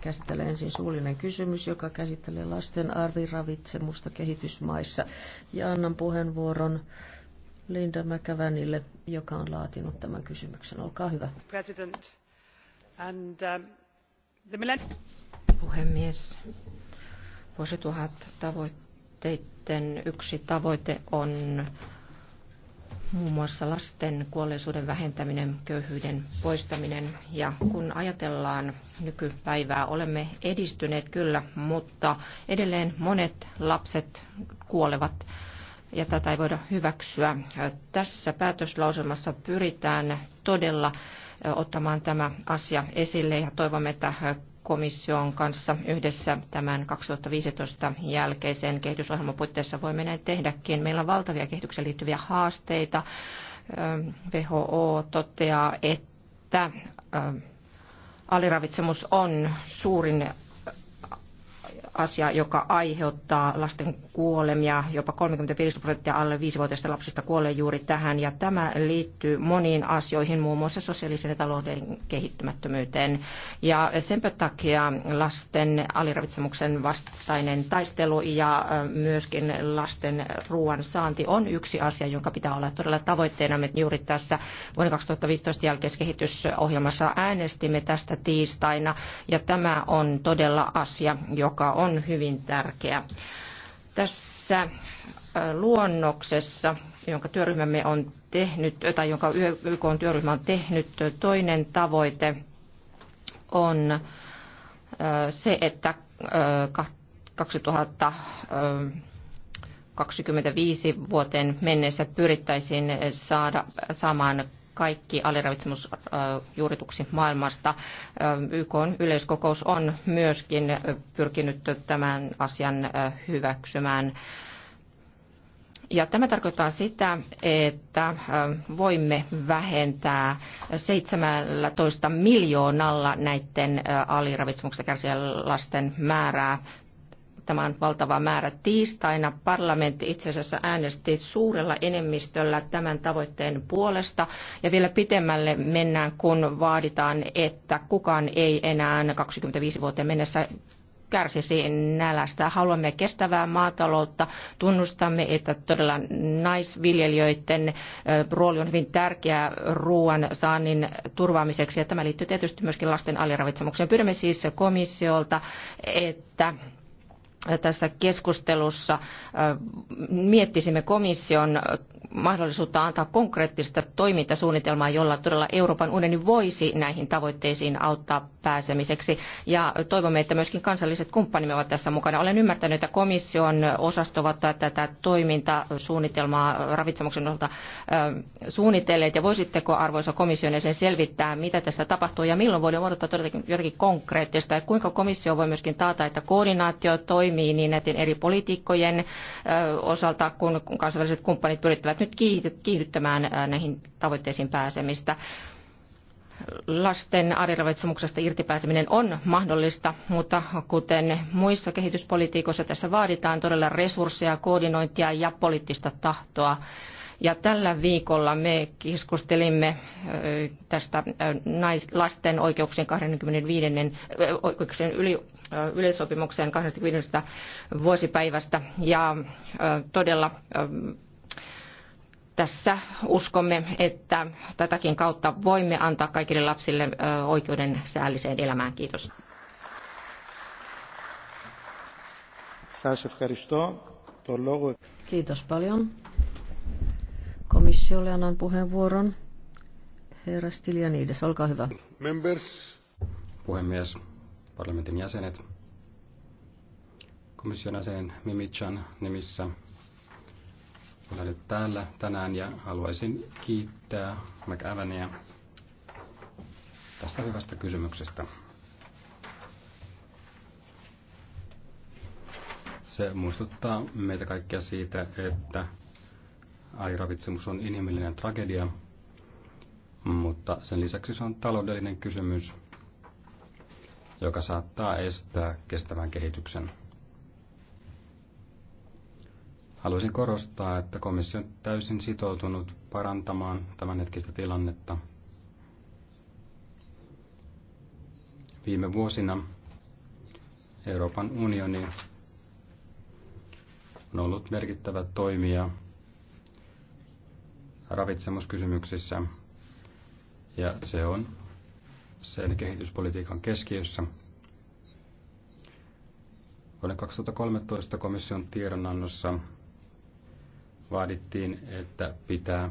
käsittelee ensin suullinen kysymys, joka käsittelee lasten arviravitsemusta kehitysmaissa. Ja annan puheenvuoron Linda Mäkävänille, joka on laatinut tämän kysymyksen. Olkaa hyvä. President. And, um, the millennium... Puhemies, vuosituhat tavoitteiden yksi tavoite on muun muassa lasten kuolleisuuden vähentäminen, köyhyyden poistaminen. Ja kun ajatellaan nykypäivää, olemme edistyneet kyllä, mutta edelleen monet lapset kuolevat ja tätä ei voida hyväksyä. Tässä päätöslauselmassa pyritään todella ottamaan tämä asia esille ja toivomme, että komission kanssa yhdessä tämän 2015 jälkeisen kehitysohjelman puitteissa voimme näin tehdäkin. Meillä on valtavia kehitykseen liittyviä haasteita. WHO toteaa, että aliravitsemus on suurin asia, joka aiheuttaa lasten kuolemia. Jopa 35 prosenttia alle 5-vuotiaista lapsista kuolee juuri tähän. Ja tämä liittyy moniin asioihin, muun muassa sosiaalisen ja talouden kehittymättömyyteen. Ja sen takia lasten aliravitsemuksen vastainen taistelu ja myöskin lasten ruoan saanti on yksi asia, jonka pitää olla todella tavoitteena. Me juuri tässä vuoden 2015 jälkeisessä kehitysohjelmassa äänestimme tästä tiistaina. Ja tämä on todella asia, joka on hyvin tärkeä. Tässä luonnoksessa, jonka työryhmämme on tehnyt, tai jonka YK on työryhmä on tehnyt, toinen tavoite on se, että 2025 vuoteen mennessä pyrittäisiin saada, saamaan kaikki aliravitsemusjuurituksi maailmasta. YK yleiskokous on myöskin pyrkinyt tämän asian hyväksymään. Ja tämä tarkoittaa sitä, että voimme vähentää 17 miljoonalla näiden aliravitsemuksesta kärsivien lasten määrää äänestämään valtava määrä. Tiistaina parlamentti itse asiassa äänesti suurella enemmistöllä tämän tavoitteen puolesta. Ja vielä pitemmälle mennään, kun vaaditaan, että kukaan ei enää 25 vuoteen mennessä kärsisi nälästä. Haluamme kestävää maataloutta. Tunnustamme, että todella naisviljelijöiden rooli on hyvin tärkeä ruoan saannin turvaamiseksi. Ja tämä liittyy tietysti myöskin lasten aliravitsemukseen. Pyydämme siis komissiolta, että tässä keskustelussa äh, miettisimme komission mahdollisuutta antaa konkreettista toimintasuunnitelmaa, jolla todella Euroopan unioni voisi näihin tavoitteisiin auttaa pääsemiseksi. Ja toivomme, että myöskin kansalliset kumppanimme ovat tässä mukana. Olen ymmärtänyt, että komission osastovat tätä toimintasuunnitelmaa ravitsemuksen osalta äh, suunnitelleet. Ja voisitteko arvoisa komission jäsen selvittää, mitä tässä tapahtuu ja milloin voidaan odottaa todellakin jotakin konkreettista ja kuinka komissio voi myöskin taata, että koordinaatio toimii toimii niin näiden eri poliitikkojen osalta, kun kansainväliset kumppanit pyrittävät nyt kiihdyttämään näihin tavoitteisiin pääsemistä lasten ariravitsemuksesta irtipääseminen on mahdollista, mutta kuten muissa kehityspolitiikoissa tässä vaaditaan todella resursseja, koordinointia ja poliittista tahtoa. Ja tällä viikolla me keskustelimme tästä lasten oikeuksien 25. oikeuksien yli yleissopimukseen 25. vuosipäivästä ja todella tässä uskomme, että tätäkin kautta voimme antaa kaikille lapsille oikeuden säälliseen elämään. Kiitos. Kiitos paljon. Komissiolle annan puheenvuoron. Herra Stylianides, olkaa hyvä. Members. Puhemies, parlamentin jäsenet, komission jäsen Mimichan nimissä olen nyt täällä tänään ja haluaisin kiittää McAvenia tästä hyvästä kysymyksestä. Se muistuttaa meitä kaikkia siitä, että airavitsemus on inhimillinen tragedia, mutta sen lisäksi se on taloudellinen kysymys joka saattaa estää kestävän kehityksen. Haluaisin korostaa, että komissio on täysin sitoutunut parantamaan hetkistä tilannetta. Viime vuosina Euroopan unioni on ollut merkittävä toimija ravitsemuskysymyksissä ja se on sen kehityspolitiikan keskiössä. Vuoden 2013 komission tiedonannossa vaadittiin, että pitää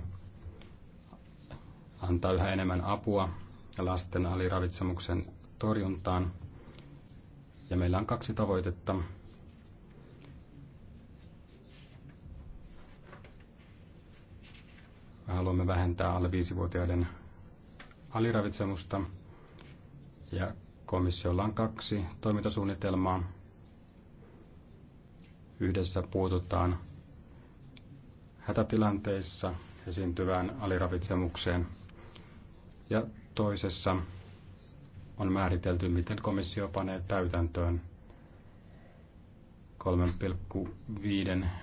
antaa yhä enemmän apua lasten aliravitsemuksen torjuntaan. Ja meillä on kaksi tavoitetta. Me haluamme vähentää alle 5-vuotiaiden aliravitsemusta ja komissiolla on kaksi toimintasuunnitelmaa. Yhdessä puututaan hätätilanteissa esiintyvään aliravitsemukseen ja toisessa on määritelty, miten komissio panee täytäntöön 3,5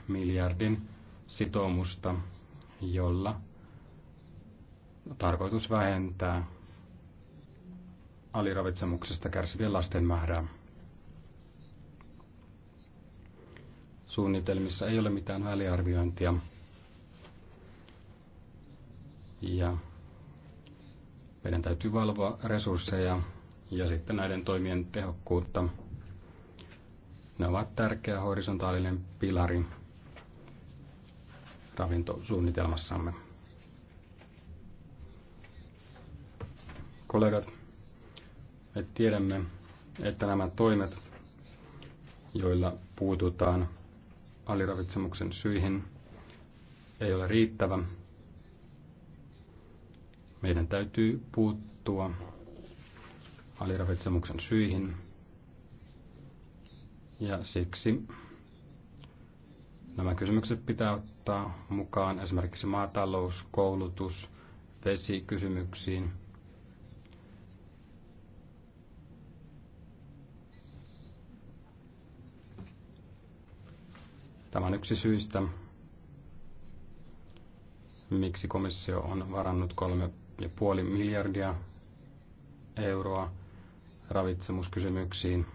miljardin sitoumusta, jolla tarkoitus vähentää aliravitsemuksesta kärsivien lasten määrää. Suunnitelmissa ei ole mitään väliarviointia. Ja meidän täytyy valvoa resursseja ja sitten näiden toimien tehokkuutta. Ne ovat tärkeä horisontaalinen pilari ravintosuunnitelmassamme. Kollegat, että tiedämme, että nämä toimet, joilla puututaan aliravitsemuksen syihin, ei ole riittävä. Meidän täytyy puuttua aliravitsemuksen syihin. Ja siksi nämä kysymykset pitää ottaa mukaan esimerkiksi maatalous, koulutus, vesikysymyksiin – Tämä on yksi syistä, miksi komissio on varannut 3,5 miljardia euroa ravitsemuskysymyksiin,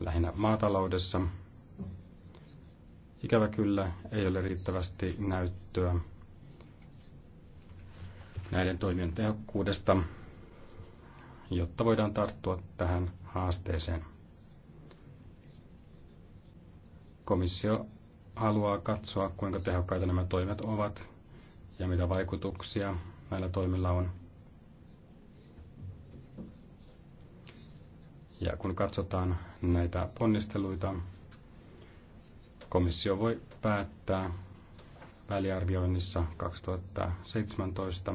lähinnä maataloudessa. Ikävä kyllä ei ole riittävästi näyttöä näiden toimien tehokkuudesta, jotta voidaan tarttua tähän haasteeseen. Komissio haluaa katsoa, kuinka tehokkaita nämä toimet ovat ja mitä vaikutuksia näillä toimilla on. Ja kun katsotaan näitä ponnisteluita, komissio voi päättää väliarvioinnissa 2017,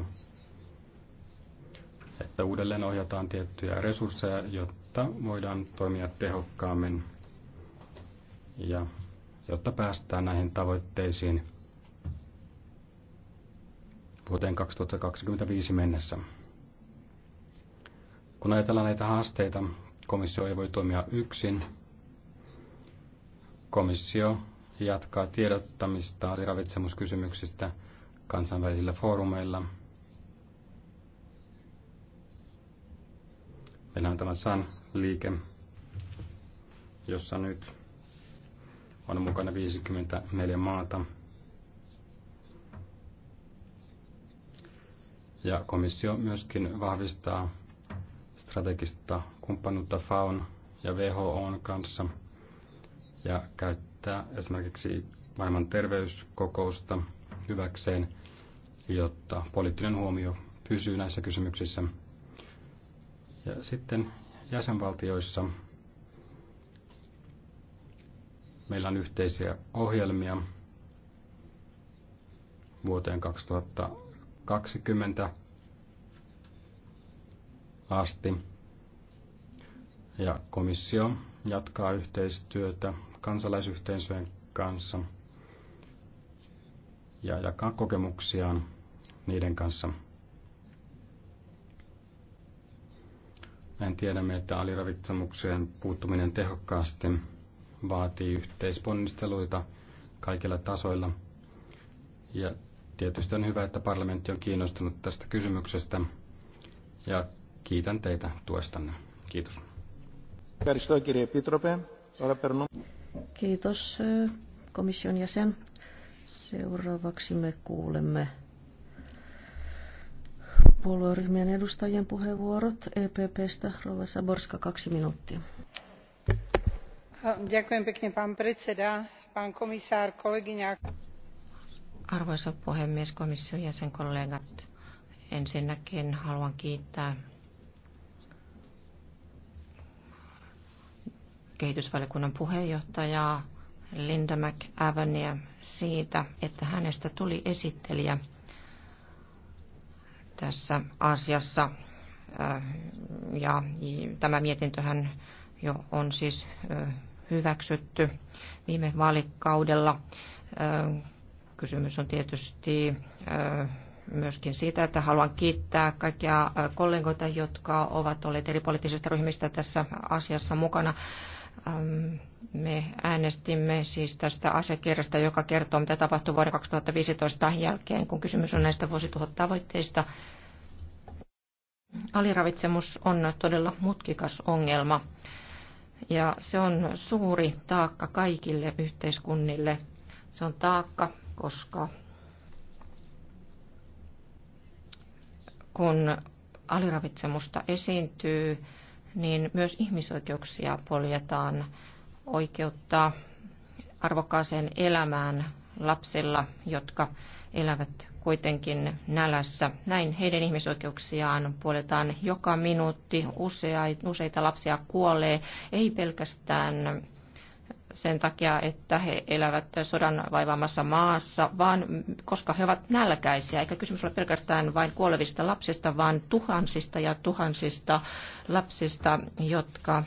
että uudelleen ohjataan tiettyjä resursseja, jotta voidaan toimia tehokkaammin ja jotta päästään näihin tavoitteisiin vuoteen 2025 mennessä. Kun ajatellaan näitä haasteita, komissio ei voi toimia yksin. Komissio jatkaa tiedottamista eli ravitsemuskysymyksistä kansainvälisillä foorumeilla. Meillä on tämä SAN-liike, jossa nyt on mukana 54 maata. Ja komissio myöskin vahvistaa strategista kumppanuutta FAUN ja WHOn kanssa ja käyttää esimerkiksi maailman terveyskokousta hyväkseen, jotta poliittinen huomio pysyy näissä kysymyksissä. Ja sitten jäsenvaltioissa Meillä on yhteisiä ohjelmia vuoteen 2020 asti. Ja komissio jatkaa yhteistyötä kansalaisyhteisöjen kanssa ja jakaa kokemuksiaan niiden kanssa. Näin tiedämme, että aliravitsemukseen puuttuminen tehokkaasti vaatii yhteisponnisteluita kaikilla tasoilla. Ja tietysti on hyvä, että parlamentti on kiinnostunut tästä kysymyksestä. Ja kiitän teitä tuestanne. Kiitos. Kiitos komission jäsen. Seuraavaksi me kuulemme puolueryhmien edustajien puheenvuorot EPPstä. Rova Saborska, kaksi minuuttia. Arvoisa puhemies, komission jäsenkollegat, ensinnäkin haluan kiittää kehitysvaliokunnan puheenjohtajaa Linda McAvenia siitä, että hänestä tuli esittelijä tässä asiassa. Äh, ja tämä mietintöhän on siis äh, hyväksytty viime vaalikaudella. Kysymys on tietysti myöskin siitä, että haluan kiittää kaikkia kollegoita, jotka ovat olleet eri poliittisista ryhmistä tässä asiassa mukana. Me äänestimme siis tästä asiakirjasta, joka kertoo, mitä tapahtui vuoden 2015 jälkeen, kun kysymys on näistä vuosituhattavoitteista. Aliravitsemus on todella mutkikas ongelma. Ja se on suuri taakka kaikille yhteiskunnille. Se on taakka, koska kun aliravitsemusta esiintyy, niin myös ihmisoikeuksia poljetaan oikeutta arvokkaaseen elämään lapsilla, jotka elävät kuitenkin nälässä. Näin heidän ihmisoikeuksiaan puoletaan joka minuutti. Useita lapsia kuolee, ei pelkästään sen takia, että he elävät sodan vaivaamassa maassa, vaan koska he ovat nälkäisiä. Eikä kysymys ole pelkästään vain kuolevista lapsista, vaan tuhansista ja tuhansista lapsista, jotka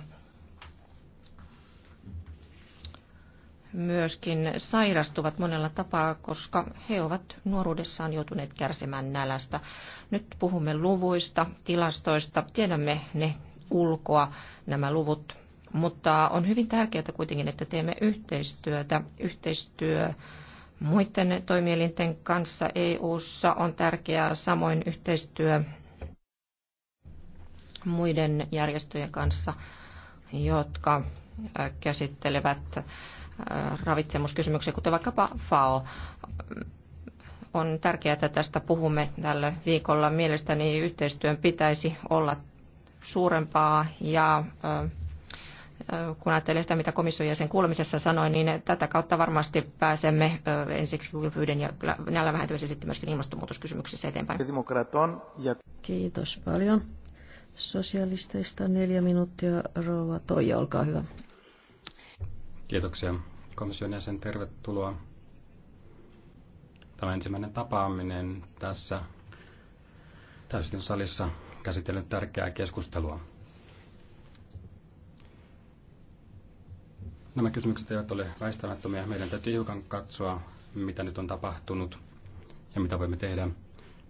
myöskin sairastuvat monella tapaa, koska he ovat nuoruudessaan joutuneet kärsimään nälästä. Nyt puhumme luvuista, tilastoista, tiedämme ne ulkoa, nämä luvut, mutta on hyvin tärkeää kuitenkin, että teemme yhteistyötä. Yhteistyö muiden toimielinten kanssa EU:ssa on tärkeää, samoin yhteistyö muiden järjestöjen kanssa, jotka käsittelevät Äh, ravitsemuskysymyksiä, kuten vaikkapa FAO. Mm, on tärkeää, että tästä puhumme tällä viikolla. Mielestäni yhteistyön pitäisi olla suurempaa ja äh, äh, kun ajattelee sitä, mitä komission jäsen kuulemisessa sanoi, niin tätä kautta varmasti pääsemme ensiksi kylpyyden ja näillä vähentämisessä sitten myöskin ilmastonmuutoskysymyksissä eteenpäin. Kiitos paljon. Sosialisteista neljä minuuttia. Rouva Toija, olkaa hyvä. Kiitoksia komission jäsen, tervetuloa. Tämä ensimmäinen tapaaminen tässä täysin salissa käsitellyt tärkeää keskustelua. Nämä kysymykset eivät ole väistämättömiä. Meidän täytyy hiukan katsoa, mitä nyt on tapahtunut ja mitä voimme tehdä.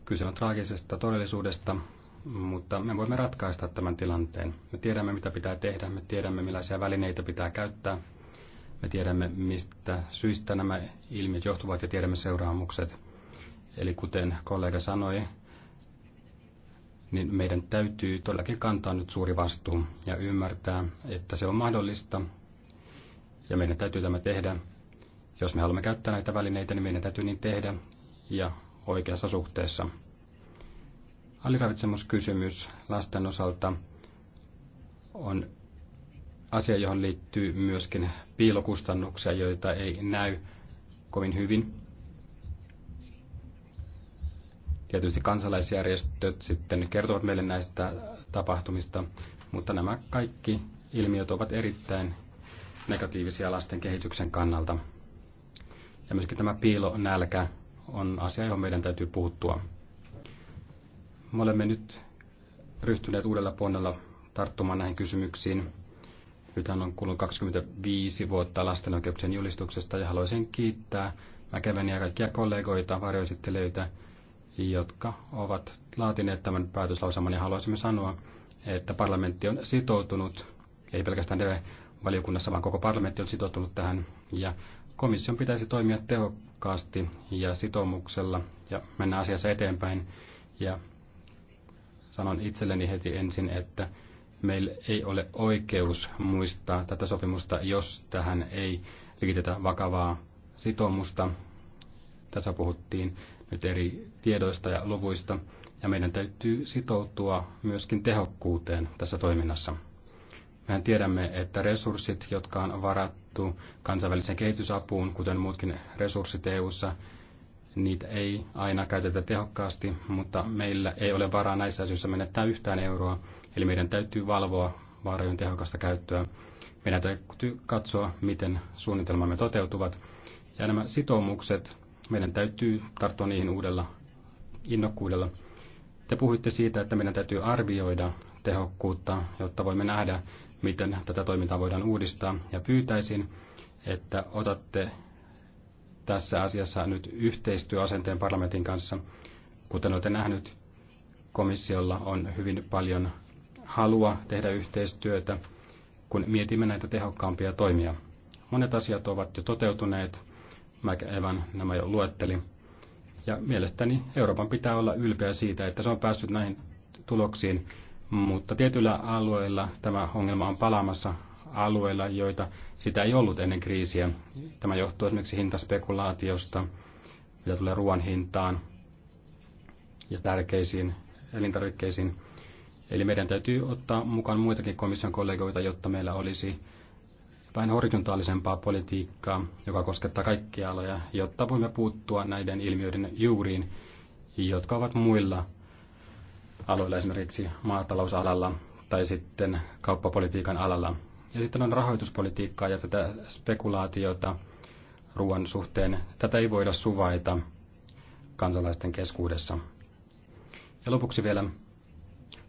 Kyse on traagisesta todellisuudesta, mutta me voimme ratkaista tämän tilanteen. Me tiedämme, mitä pitää tehdä, me tiedämme, millaisia välineitä pitää käyttää – me tiedämme, mistä syistä nämä ilmiöt johtuvat ja tiedämme seuraamukset. Eli kuten kollega sanoi, niin meidän täytyy todellakin kantaa nyt suuri vastuu ja ymmärtää, että se on mahdollista ja meidän täytyy tämä tehdä. Jos me haluamme käyttää näitä välineitä, niin meidän täytyy niin tehdä ja oikeassa suhteessa. Aliravitsemuskysymys lasten osalta on asia, johon liittyy myöskin piilokustannuksia, joita ei näy kovin hyvin. Tietysti kansalaisjärjestöt sitten kertovat meille näistä tapahtumista, mutta nämä kaikki ilmiöt ovat erittäin negatiivisia lasten kehityksen kannalta. Ja myöskin tämä piilonälkä on asia, johon meidän täytyy puuttua. Me olemme nyt ryhtyneet uudella ponnella tarttumaan näihin kysymyksiin hän on kulunut 25 vuotta lasten oikeuksien julistuksesta ja haluaisin kiittää Mäkeväniä ja kaikkia kollegoita, varjoesittelijöitä, jotka ovat laatineet tämän päätöslausaman ja haluaisimme sanoa, että parlamentti on sitoutunut, ei pelkästään DV-valiokunnassa, vaan koko parlamentti on sitoutunut tähän ja komission pitäisi toimia tehokkaasti ja sitoumuksella ja mennä asiassa eteenpäin ja sanon itselleni heti ensin, että meillä ei ole oikeus muistaa tätä sopimusta, jos tähän ei liitetä vakavaa sitoumusta. Tässä puhuttiin nyt eri tiedoista ja luvuista, ja meidän täytyy sitoutua myöskin tehokkuuteen tässä toiminnassa. Mehän tiedämme, että resurssit, jotka on varattu kansainväliseen kehitysapuun, kuten muutkin resurssit EU:ssa, niitä ei aina käytetä tehokkaasti, mutta meillä ei ole varaa näissä asioissa menettää yhtään euroa, Eli meidän täytyy valvoa varojen tehokasta käyttöä. Meidän täytyy katsoa, miten suunnitelmamme toteutuvat. Ja nämä sitoumukset, meidän täytyy tarttua niihin uudella innokkuudella. Te puhuitte siitä, että meidän täytyy arvioida tehokkuutta, jotta voimme nähdä, miten tätä toimintaa voidaan uudistaa. Ja pyytäisin, että otatte tässä asiassa nyt yhteistyöasenteen parlamentin kanssa. Kuten olette nähnyt, komissiolla on hyvin paljon halua tehdä yhteistyötä, kun mietimme näitä tehokkaampia toimia. Monet asiat ovat jo toteutuneet, Evan nämä jo luetteli. Ja mielestäni Euroopan pitää olla ylpeä siitä, että se on päässyt näihin tuloksiin, mutta tietyillä alueilla tämä ongelma on palaamassa alueilla, joita sitä ei ollut ennen kriisiä. Tämä johtuu esimerkiksi hintaspekulaatiosta, mitä tulee ruoan hintaan ja tärkeisiin elintarvikkeisiin. Eli meidän täytyy ottaa mukaan muitakin komission kollegoita, jotta meillä olisi vähän horisontaalisempaa politiikkaa, joka koskettaa kaikkia aloja, jotta voimme puuttua näiden ilmiöiden juuriin, jotka ovat muilla aloilla, esimerkiksi maatalousalalla tai sitten kauppapolitiikan alalla. Ja sitten on rahoituspolitiikkaa ja tätä spekulaatiota ruoan suhteen. Tätä ei voida suvaita kansalaisten keskuudessa. Ja lopuksi vielä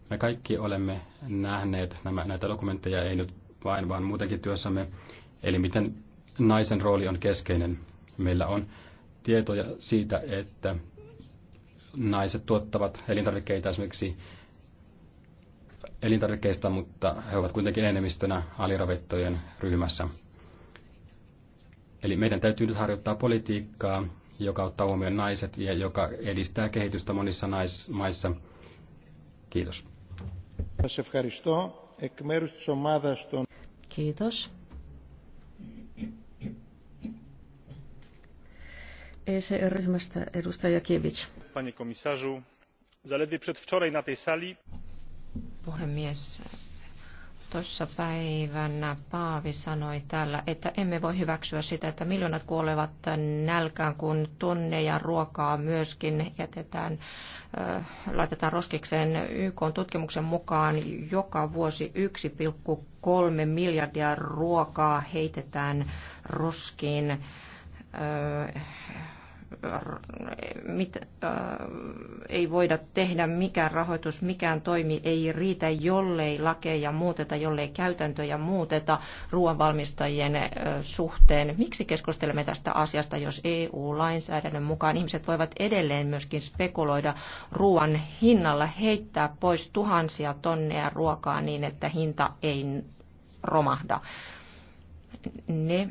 me kaikki olemme nähneet nämä, näitä dokumentteja, ei nyt vain, vaan muutenkin työssämme, eli miten naisen rooli on keskeinen. Meillä on tietoja siitä, että naiset tuottavat elintarvikkeita esimerkiksi elintarvikkeista, mutta he ovat kuitenkin enemmistönä aliravittojen ryhmässä. Eli meidän täytyy nyt harjoittaa politiikkaa, joka ottaa huomioon naiset ja joka edistää kehitystä monissa naismaissa. Kiitos. Kiitos. ECR-ryhmästä edustaja Kiewicz. Panie komisarzu, zaledwie przedwczoraj na tej sali... Puhemies, toissa päivänä Paavi sanoi täällä, että emme voi hyväksyä sitä, että miljoonat kuolevat nälkään, kun ja ruokaa myöskin jätetään, laitetaan roskikseen. YK tutkimuksen mukaan joka vuosi 1,3 miljardia ruokaa heitetään roskiin. Äh, mit, äh, ei voida tehdä, mikään rahoitus, mikään toimi ei riitä, jollei lakeja muuteta, jollei käytäntöjä muuteta ruoanvalmistajien äh, suhteen. Miksi keskustelemme tästä asiasta, jos EU-lainsäädännön mukaan ihmiset voivat edelleen myöskin spekuloida ruoan hinnalla, heittää pois tuhansia tonneja ruokaa niin, että hinta ei romahda ne,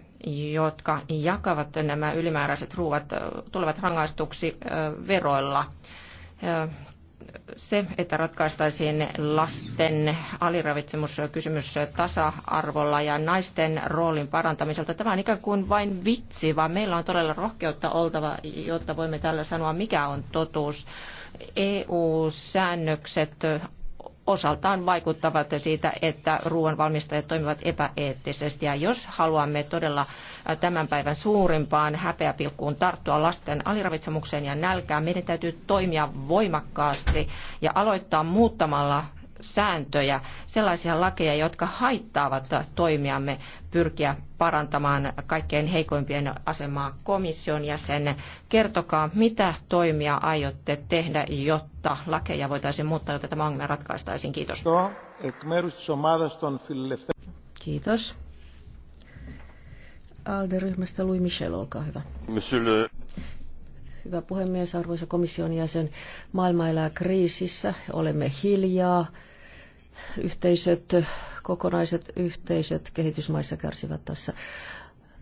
jotka jakavat nämä ylimääräiset ruuat, tulevat rangaistuksi veroilla. Se, että ratkaistaisiin lasten aliravitsemuskysymys tasa-arvolla ja naisten roolin parantamiselta, tämä on ikään kuin vain vitsi, vaan meillä on todella rohkeutta oltava, jotta voimme tällä sanoa, mikä on totuus. EU-säännökset osaltaan vaikuttavat siitä, että ruoanvalmistajat toimivat epäeettisesti. Ja jos haluamme todella tämän päivän suurimpaan häpeäpilkkuun tarttua lasten aliravitsemukseen ja nälkään, meidän täytyy toimia voimakkaasti ja aloittaa muuttamalla sääntöjä, sellaisia lakeja, jotka haittaavat toimiamme pyrkiä parantamaan kaikkein heikoimpien asemaa komission jäsen. Kertokaa, mitä toimia aiotte tehdä, jotta lakeja voitaisiin muuttaa, jotta tämä ongelma ratkaistaisiin. Kiitos. Kiitos. ALDE-ryhmästä Louis Michel, olkaa hyvä. Monsieur Hyvä puhemies, arvoisa komission jäsen. Maailma elää kriisissä, olemme hiljaa yhteisöt, kokonaiset yhteisöt kehitysmaissa kärsivät tässä.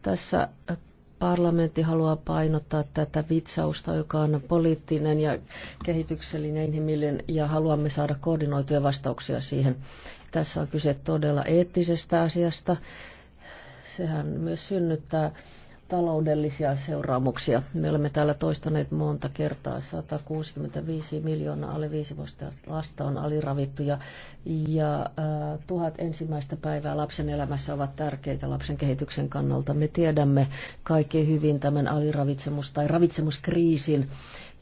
Tässä parlamentti haluaa painottaa tätä vitsausta, joka on poliittinen ja kehityksellinen inhimillinen, ja haluamme saada koordinoituja vastauksia siihen. Tässä on kyse todella eettisestä asiasta. Sehän myös synnyttää taloudellisia seuraamuksia. Me olemme täällä toistaneet monta kertaa, 165 miljoonaa alle viisi vuotta lasta on aliravittuja ja äh, tuhat ensimmäistä päivää lapsen elämässä ovat tärkeitä lapsen kehityksen kannalta. Me tiedämme kaikki hyvin tämän aliravitsemus- tai ravitsemuskriisin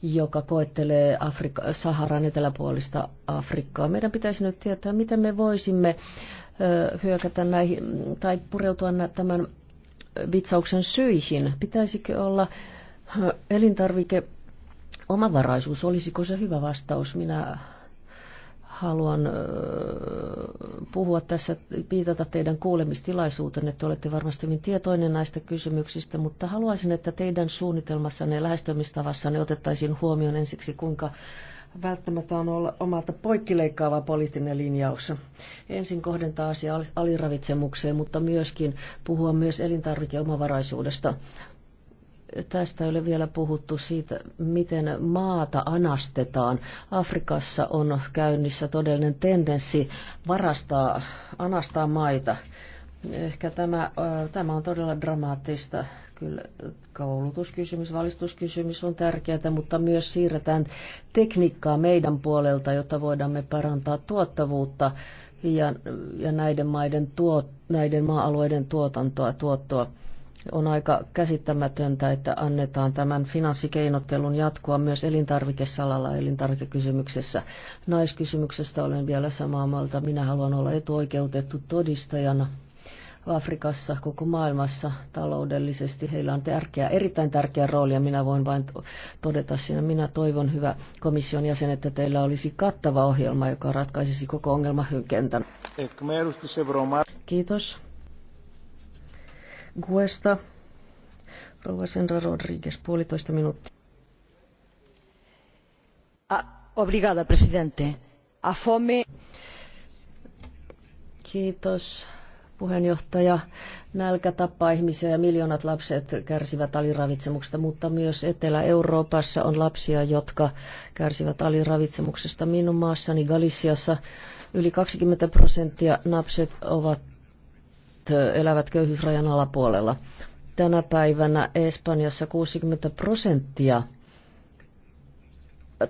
joka koettelee Afrika, Saharan eteläpuolista Afrikkaa. Meidän pitäisi nyt tietää, miten me voisimme äh, hyökätä näihin tai pureutua tämän vitsauksen syihin. Pitäisikö olla elintarvike omavaraisuus, olisiko se hyvä vastaus? Minä haluan puhua tässä, piitata teidän kuulemistilaisuutenne, että olette varmasti hyvin tietoinen näistä kysymyksistä, mutta haluaisin, että teidän suunnitelmassanne ja lähestymistavassanne otettaisiin huomioon ensiksi, kuinka välttämättä on olla omalta poikkileikkaava poliittinen linjaus. Ensin kohdentaa asia aliravitsemukseen, mutta myöskin puhua myös elintarvikeomavaraisuudesta. Tästä ei ole vielä puhuttu siitä, miten maata anastetaan. Afrikassa on käynnissä todellinen tendenssi varastaa, anastaa maita. Ehkä tämä, tämä on todella dramaattista. Kyllä koulutuskysymys, valistuskysymys on tärkeää, mutta myös siirretään tekniikkaa meidän puolelta, jotta voidamme parantaa tuottavuutta ja, ja näiden, maiden tuot, näiden maa-alueiden tuotantoa, tuottoa. On aika käsittämätöntä, että annetaan tämän finanssikeinottelun jatkua myös elintarvikesalalla elintarvikekysymyksessä. Naiskysymyksestä olen vielä samaa mieltä. Minä haluan olla etuoikeutettu todistajana Afrikassa, koko maailmassa taloudellisesti. Heillä on tärkeä, erittäin tärkeä rooli ja minä voin vain todeta siinä. Minä toivon, hyvä komission jäsen, että teillä olisi kattava ohjelma, joka ratkaisisi koko ongelmahykentän. Kiitos. Guesta. Rouva Senra Rodriguez, puolitoista minuuttia. Ah, obrigada, presidente. A fome... Kiitos puheenjohtaja. Nälkä tappaa ihmisiä ja miljoonat lapset kärsivät aliravitsemuksesta, mutta myös Etelä-Euroopassa on lapsia, jotka kärsivät aliravitsemuksesta. Minun maassani Galisiassa yli 20 prosenttia lapset ovat, elävät köyhyysrajan alapuolella. Tänä päivänä Espanjassa 60 prosenttia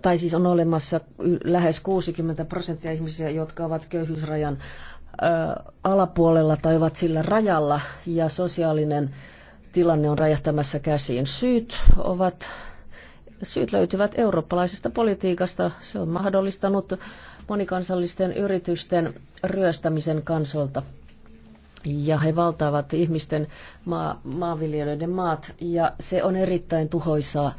tai siis on olemassa lähes 60 prosenttia ihmisiä, jotka ovat köyhyysrajan alapuolella tai ovat sillä rajalla ja sosiaalinen tilanne on räjähtämässä käsiin. Syyt ovat syyt löytyvät eurooppalaisesta politiikasta. Se on mahdollistanut monikansallisten yritysten ryöstämisen kansolta. Ja he valtaavat ihmisten maa, maanviljelijöiden maat ja se on erittäin tuhoisaa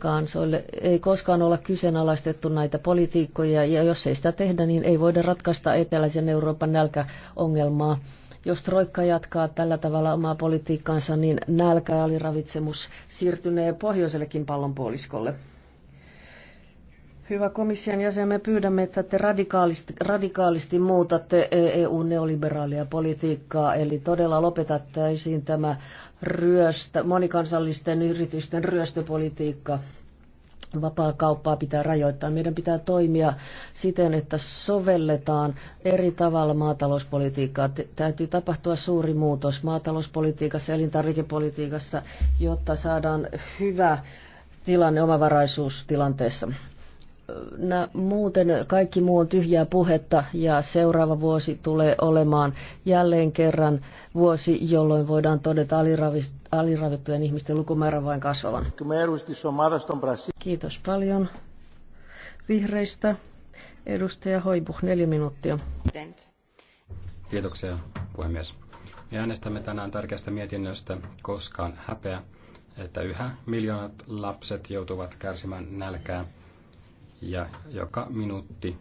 kansoille. Ei koskaan olla kyseenalaistettu näitä politiikkoja, ja jos ei sitä tehdä, niin ei voida ratkaista eteläisen Euroopan nälkäongelmaa. Jos Troikka jatkaa tällä tavalla omaa politiikkaansa, niin nälkä ja aliravitsemus siirtynee pohjoisellekin pallonpuoliskolle. Hyvä komission jäsen, me pyydämme, että te radikaalisti, radikaalisti muutatte EU-neoliberaalia e politiikkaa, eli todella lopetettaisiin tämä ryöstä, monikansallisten yritysten ryöstöpolitiikka. Vapaa kauppaa pitää rajoittaa. Meidän pitää toimia siten, että sovelletaan eri tavalla maatalouspolitiikkaa. Täytyy tapahtua suuri muutos maatalouspolitiikassa, elintarvikepolitiikassa, jotta saadaan hyvä tilanne omavaraisuustilanteessa nä, muuten kaikki muu on tyhjää puhetta ja seuraava vuosi tulee olemaan jälleen kerran vuosi, jolloin voidaan todeta aliravittujen ihmisten lukumäärän vain kasvavan. Kiitos paljon vihreistä. Edustaja Hoibuh, neljä minuuttia. Kiitoksia, puhemies. Me äänestämme tänään tärkeästä mietinnöstä koskaan häpeä, että yhä miljoonat lapset joutuvat kärsimään nälkää – ja joka minuutti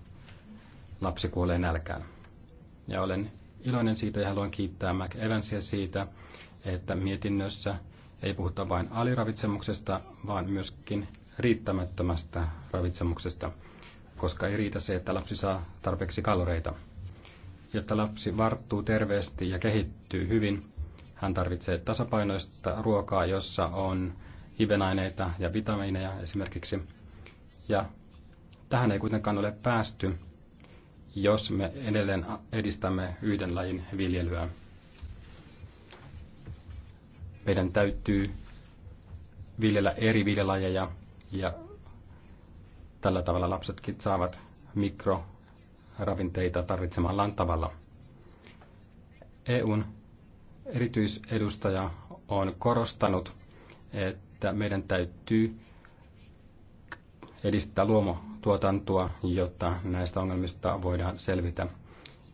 lapsi kuolee nälkään. Ja olen iloinen siitä ja haluan kiittää Mac Evansia siitä, että mietinnössä ei puhuta vain aliravitsemuksesta, vaan myöskin riittämättömästä ravitsemuksesta, koska ei riitä se, että lapsi saa tarpeeksi kaloreita. Jotta lapsi varttuu terveesti ja kehittyy hyvin, hän tarvitsee tasapainoista ruokaa, jossa on hivenaineita ja vitamiineja esimerkiksi, ja Tähän ei kuitenkaan ole päästy, jos me edelleen edistämme yhden lajin viljelyä. Meidän täytyy viljellä eri viljelajeja ja tällä tavalla lapsetkin saavat mikroravinteita tarvitsemallaan tavalla. EUn erityisedustaja on korostanut, että meidän täytyy edistää luomotuotantoa, jotta näistä ongelmista voidaan selvitä.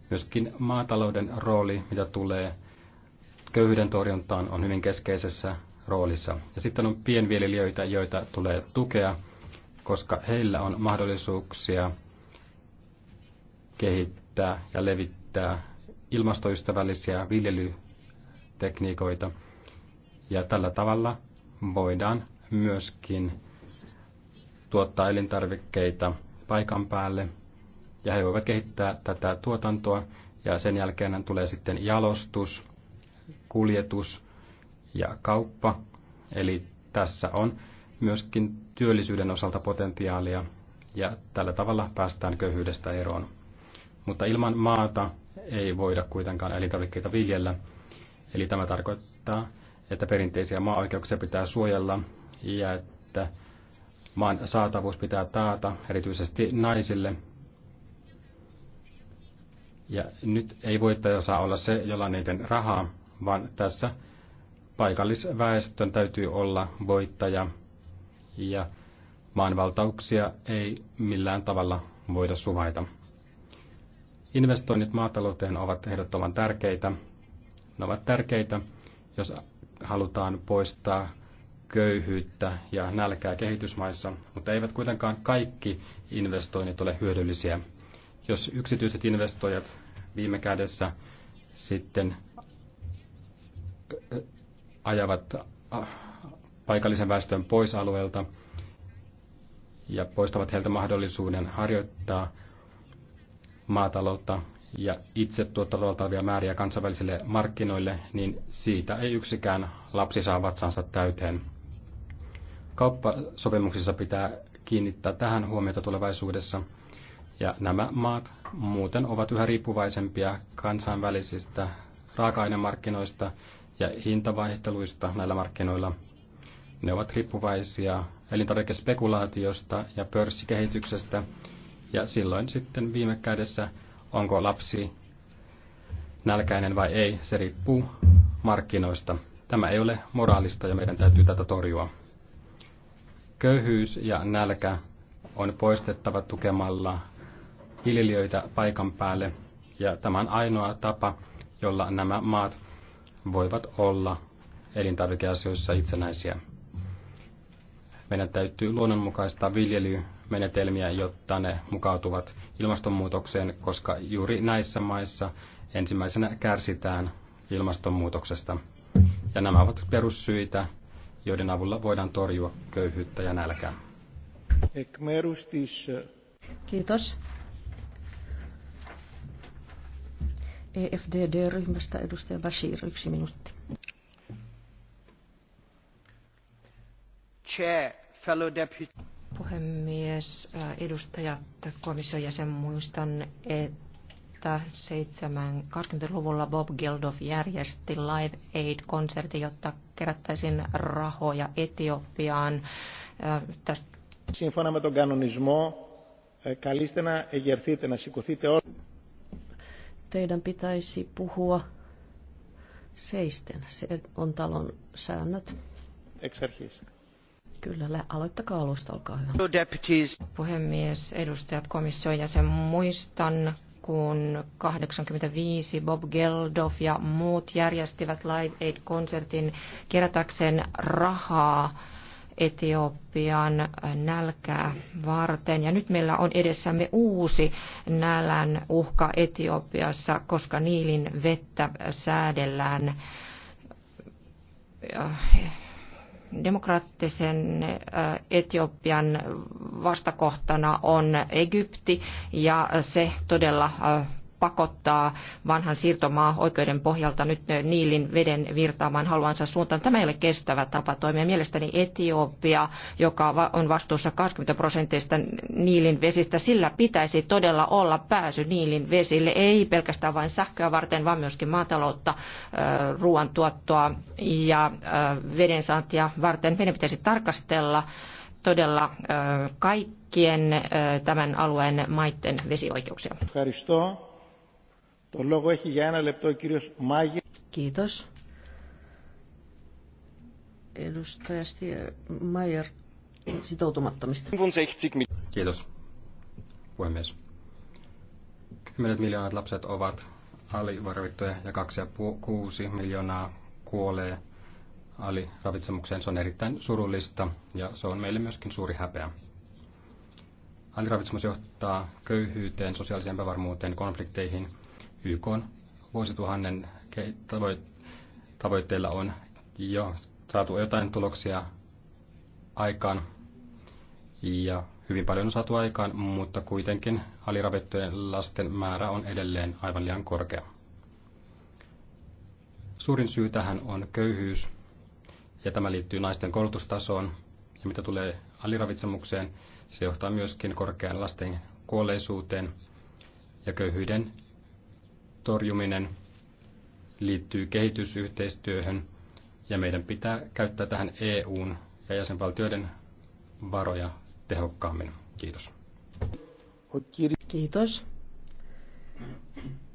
Myöskin maatalouden rooli, mitä tulee köyhyyden torjuntaan, on hyvin keskeisessä roolissa. Ja sitten on pienviljelijöitä, joita tulee tukea, koska heillä on mahdollisuuksia kehittää ja levittää ilmastoystävällisiä viljelytekniikoita. Ja tällä tavalla voidaan myöskin tuottaa elintarvikkeita paikan päälle ja he voivat kehittää tätä tuotantoa ja sen jälkeen tulee sitten jalostus, kuljetus ja kauppa. Eli tässä on myöskin työllisyyden osalta potentiaalia ja tällä tavalla päästään köyhyydestä eroon. Mutta ilman maata ei voida kuitenkaan elintarvikkeita viljellä. Eli tämä tarkoittaa, että perinteisiä maa-oikeuksia pitää suojella ja että maan saatavuus pitää taata erityisesti naisille. Ja nyt ei voittaja saa olla se, jolla on eniten rahaa, vaan tässä paikallisväestön täytyy olla voittaja ja maanvaltauksia ei millään tavalla voida suvaita. Investoinnit maatalouteen ovat ehdottoman tärkeitä. Ne ovat tärkeitä, jos halutaan poistaa köyhyyttä ja nälkää kehitysmaissa, mutta eivät kuitenkaan kaikki investoinnit ole hyödyllisiä. Jos yksityiset investoijat viime kädessä sitten äh, ajavat äh, paikallisen väestön pois alueelta ja poistavat heiltä mahdollisuuden harjoittaa maataloutta ja itse tuottavat valtavia määriä kansainvälisille markkinoille, niin siitä ei yksikään lapsi saa vatsansa täyteen kauppasopimuksissa pitää kiinnittää tähän huomiota tulevaisuudessa. Ja nämä maat muuten ovat yhä riippuvaisempia kansainvälisistä raaka-ainemarkkinoista ja hintavaihteluista näillä markkinoilla. Ne ovat riippuvaisia elintarvikespekulaatiosta ja pörssikehityksestä. Ja silloin sitten viime kädessä, onko lapsi nälkäinen vai ei, se riippuu markkinoista. Tämä ei ole moraalista ja meidän täytyy tätä torjua. Köyhyys ja nälkä on poistettava tukemalla viljelijöitä paikan päälle, ja tämä on ainoa tapa, jolla nämä maat voivat olla elintarvikeasioissa itsenäisiä. Meidän täytyy luonnonmukaista viljelymenetelmiä, jotta ne mukautuvat ilmastonmuutokseen, koska juuri näissä maissa ensimmäisenä kärsitään ilmastonmuutoksesta. Ja nämä ovat perussyitä joiden avulla voidaan torjua köyhyyttä ja nälkää. Kiitos. EFDD-ryhmästä edustaja Bashir, yksi minuutti. Chair, fellow deputy. Puhemies, äh, edustajat, komission jäsen, muistan, että 70 luvulla Bob Geldof järjesti Live Aid-konsertin, jotta kerättäisiin rahoja Etiopiaan. Tästä Σύμφωνα με τον κανονισμό, καλείστε να εγερθείτε, να σηκωθείτε όλοι. Teidän pitäisi puhua seisten. Se on talon säännöt. Εξ αρχής. Kyllä, aloittakaa alusta, olkaa hyvä. Puhemies, edustajat, komission jäsen, muistan kun 85 Bob Geldof ja muut järjestivät Live Aid-konsertin kerätäkseen rahaa Etiopian nälkää varten. Ja nyt meillä on edessämme uusi nälän uhka Etiopiassa, koska Niilin vettä säädellään demokraattisen äh, Etiopian vastakohtana on Egypti ja se todella äh, pakottaa vanhan siirtomaa oikeuden pohjalta nyt Niilin veden virtaamaan haluansa suuntaan. Tämä ei ole kestävä tapa toimia. Mielestäni Etiopia, joka on vastuussa 20 prosentista Niilin vesistä, sillä pitäisi todella olla pääsy Niilin vesille, ei pelkästään vain sähköä varten, vaan myöskin maataloutta, ruoantuottoa ja vedensaantia varten. Meidän pitäisi tarkastella todella kaikkien tämän alueen maiden vesioikeuksia. Το λόγο έχει για ένα λεπτό ο κύριος Μάγε. Kiitos. Edustaja Mayer sitoutumattomista. Kiitos, puhemies. Kymmenet miljoonat lapset ovat alivarvittuja ja 2,6 miljoonaa kuolee aliravitsemukseen. Se on erittäin surullista ja se on meille myöskin suuri häpeä. Aliravitsemus johtaa köyhyyteen, sosiaaliseen epävarmuuteen, konflikteihin – YK on vuosituhannen tavoitteilla on jo saatu jotain tuloksia aikaan ja hyvin paljon on saatu aikaan, mutta kuitenkin aliravittujen lasten määrä on edelleen aivan liian korkea. Suurin syy tähän on köyhyys, ja tämä liittyy naisten koulutustasoon, ja mitä tulee aliravitsemukseen, se johtaa myöskin korkean lasten kuolleisuuteen ja köyhyyden torjuminen liittyy kehitysyhteistyöhön ja meidän pitää käyttää tähän EUn ja jäsenvaltioiden varoja tehokkaammin. Kiitos. Kiitos.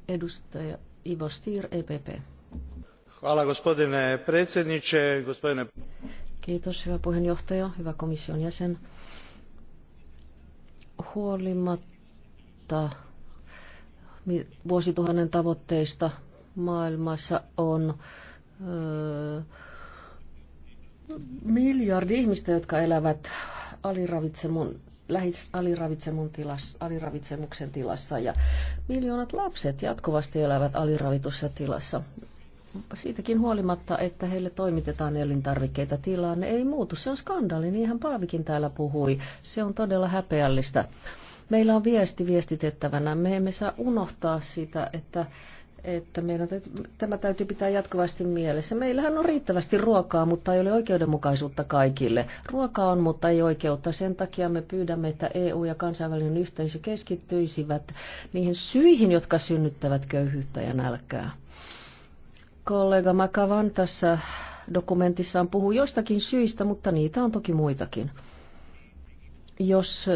Edustaja Ivo Stier, EPP. Hvala gospodine predsjedniče, gospodine... Kiitos, hyvä puheenjohtaja, hyvä komission jäsen. Huolimatta vuosituhannen tavoitteista maailmassa on öö, miljardi ihmistä, jotka elävät aliravitsemun, lähes aliravitsemun tilassa, aliravitsemuksen tilassa ja miljoonat lapset jatkuvasti elävät aliravitussa tilassa. Siitäkin huolimatta, että heille toimitetaan elintarvikkeita, tilanne ei muutu. Se on skandaali, niinhän Paavikin täällä puhui. Se on todella häpeällistä. Meillä on viesti viestitettävänä. Me emme saa unohtaa sitä, että että meidän täytyy, tämä täytyy pitää jatkuvasti mielessä. Meillähän on riittävästi ruokaa, mutta ei ole oikeudenmukaisuutta kaikille. Ruokaa on, mutta ei oikeutta. Sen takia me pyydämme, että EU ja kansainvälinen yhteisö keskittyisivät niihin syihin, jotka synnyttävät köyhyyttä ja nälkää. Kollega Makavan tässä dokumentissaan puhuu jostakin syistä, mutta niitä on toki muitakin jos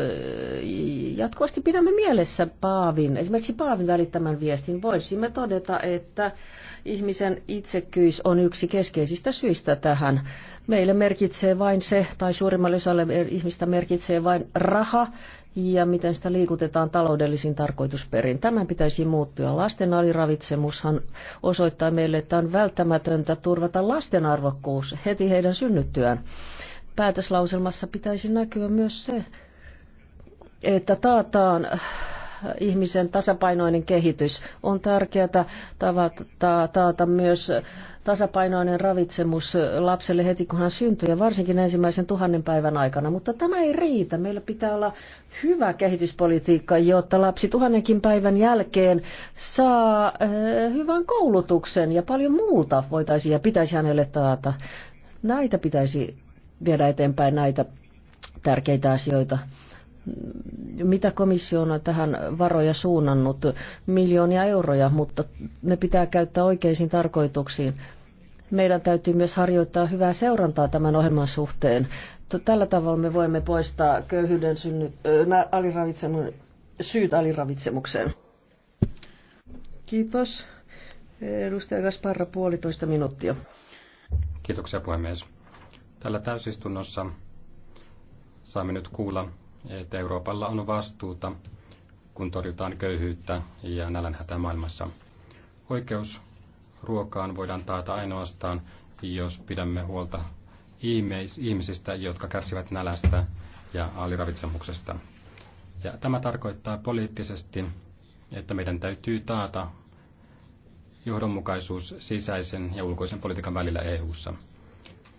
jatkuvasti pidämme mielessä Paavin, esimerkiksi Paavin välittämän viestin, voisimme todeta, että ihmisen itsekkyys on yksi keskeisistä syistä tähän. Meille merkitsee vain se, tai suurimmalle osalle ihmistä merkitsee vain raha, ja miten sitä liikutetaan taloudellisiin tarkoitusperin. Tämän pitäisi muuttua. Lasten aliravitsemushan osoittaa meille, että on välttämätöntä turvata lasten arvokkuus heti heidän synnyttyään päätöslauselmassa pitäisi näkyä myös se, että taataan äh, ihmisen tasapainoinen kehitys. On tärkeää taata myös tasapainoinen ravitsemus lapselle heti, kun hän syntyy, ja varsinkin ensimmäisen tuhannen päivän aikana. Mutta tämä ei riitä. Meillä pitää olla hyvä kehityspolitiikka, jotta lapsi tuhannenkin päivän jälkeen saa äh, hyvän koulutuksen ja paljon muuta voitaisiin ja pitäisi hänelle taata. Näitä pitäisi viedä eteenpäin näitä tärkeitä asioita. Mitä komissio on tähän varoja suunnannut? Miljoonia euroja, mutta ne pitää käyttää oikeisiin tarkoituksiin. Meidän täytyy myös harjoittaa hyvää seurantaa tämän ohjelman suhteen. Tällä tavalla me voimme poistaa köyhyyden synny, aliravitsemu, syyt aliravitsemukseen. Kiitos. Edustaja Gasparra, puolitoista minuuttia. Kiitoksia puhemies. Tällä täysistunnossa saamme nyt kuulla, että Euroopalla on vastuuta, kun torjutaan köyhyyttä ja nälänhätä maailmassa. Oikeus ruokaan voidaan taata ainoastaan, jos pidämme huolta ihmisistä, jotka kärsivät nälästä ja aliravitsemuksesta. Ja tämä tarkoittaa poliittisesti, että meidän täytyy taata johdonmukaisuus sisäisen ja ulkoisen politiikan välillä EU:ssa.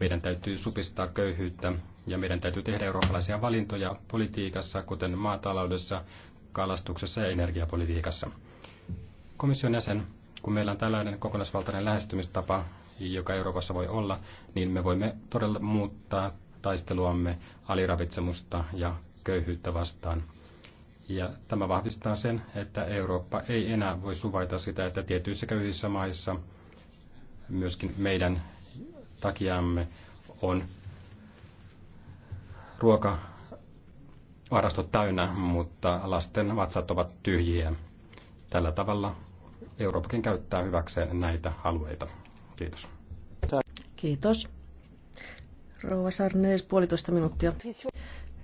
Meidän täytyy supistaa köyhyyttä ja meidän täytyy tehdä eurooppalaisia valintoja politiikassa, kuten maataloudessa, kalastuksessa ja energiapolitiikassa. Komission jäsen, kun meillä on tällainen kokonaisvaltainen lähestymistapa, joka Euroopassa voi olla, niin me voimme todella muuttaa taisteluamme aliravitsemusta ja köyhyyttä vastaan. Ja tämä vahvistaa sen, että Eurooppa ei enää voi suvaita sitä, että tietyissä köyhissä maissa, myöskin meidän takiamme on ruokavarastot täynnä, mutta lasten vatsat ovat tyhjiä. Tällä tavalla Euroopakin käyttää hyväkseen näitä alueita. Kiitos. Kiitos. Rouva Sarnees, puolitoista minuuttia.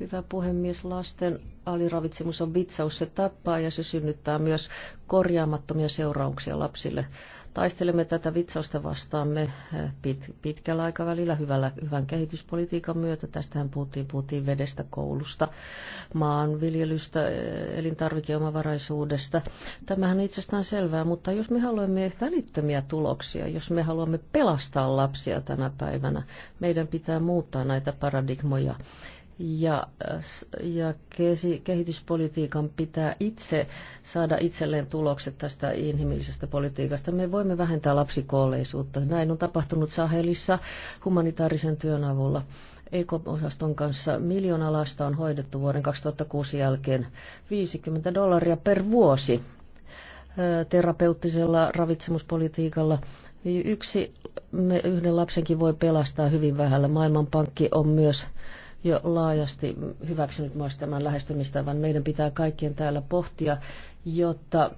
Hyvä puhemies, lasten aliravitsemus on vitsaus, se tappaa ja se synnyttää myös korjaamattomia seurauksia lapsille. Taistelemme tätä vitsausta vastaan me eh, pit, pitkällä aikavälillä hyvällä, hyvän kehityspolitiikan myötä. Tästähän puhuttiin, puhuttiin vedestä, koulusta, maanviljelystä, eh, elintarvikeomavaraisuudesta. Tämähän on itsestään selvää, mutta jos me haluamme välittömiä tuloksia, jos me haluamme pelastaa lapsia tänä päivänä, meidän pitää muuttaa näitä paradigmoja ja, äh, ja kehityspolitiikan pitää itse saada itselleen tulokset tästä inhimillisestä politiikasta. Me voimme vähentää lapsikuolleisuutta. Näin on tapahtunut Sahelissa humanitaarisen työn avulla. EK-osaston kanssa miljoona lasta on hoidettu vuoden 2006 jälkeen 50 dollaria per vuosi äh, terapeuttisella ravitsemuspolitiikalla. Niin yksi me yhden lapsenkin voi pelastaa hyvin vähällä. Maailmanpankki on myös jo laajasti hyväksynyt myös tämän lähestymistavan. Meidän pitää kaikkien täällä pohtia, jotta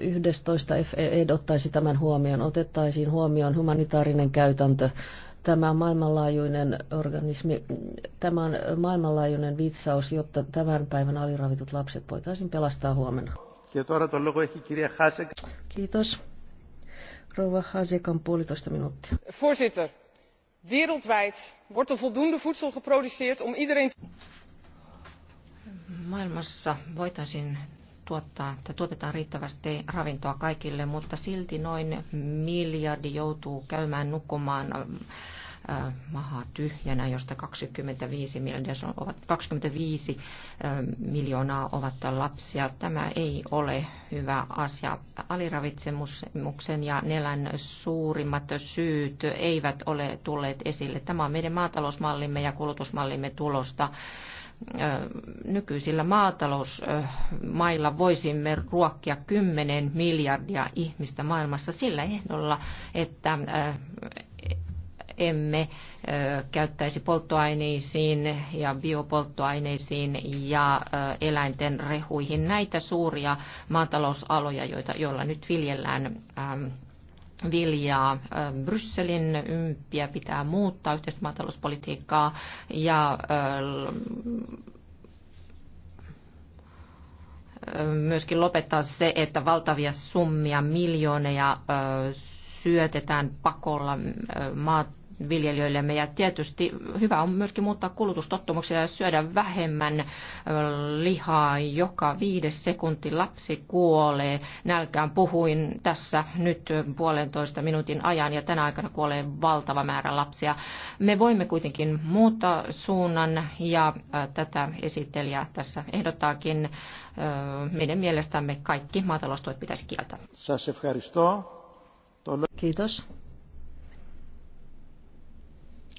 11 FE e ottaisi tämän huomioon, otettaisiin huomioon humanitaarinen käytäntö, tämä on maailmanlaajuinen organismi, tämä on maailmanlaajuinen vitsaus, jotta tämän päivän aliravitut lapset voitaisiin pelastaa huomenna. Kiitos. Rouva on puolitoista minuuttia. Voorzitter, wereldwijd wordt er voldoende voedsel geproduceerd om iedereen. maailmassa voitaisiin tuottaa, että tuotetaan riittävästi ravintoa kaikille, mutta silti noin miljardi joutuu käymään nukkumaan mahaa tyhjänä, josta 25 miljoonaa, ovat, 25 miljoonaa ovat lapsia. Tämä ei ole hyvä asia. Aliravitsemuksen ja nelän suurimmat syyt eivät ole tulleet esille. Tämä on meidän maatalousmallimme ja kulutusmallimme tulosta nykyisillä maatalousmailla voisimme ruokkia 10 miljardia ihmistä maailmassa sillä ehdolla, että emme käyttäisi polttoaineisiin ja biopolttoaineisiin ja eläinten rehuihin näitä suuria maatalousaloja, joita, joilla nyt viljellään viljaa. Brysselin ympiä pitää muuttaa yhteistä maatalouspolitiikkaa ja myöskin lopettaa se, että valtavia summia, miljooneja syötetään pakolla maat viljelijöillemme. Ja tietysti hyvä on myöskin muuttaa kulutustottumuksia ja syödä vähemmän lihaa. Joka viides sekunti lapsi kuolee. Nälkään puhuin tässä nyt puolentoista minuutin ajan ja tänä aikana kuolee valtava määrä lapsia. Me voimme kuitenkin muuttaa suunnan ja tätä esittelijä tässä ehdottaakin. Meidän mielestämme kaikki maataloustuet pitäisi kieltää. Kiitos.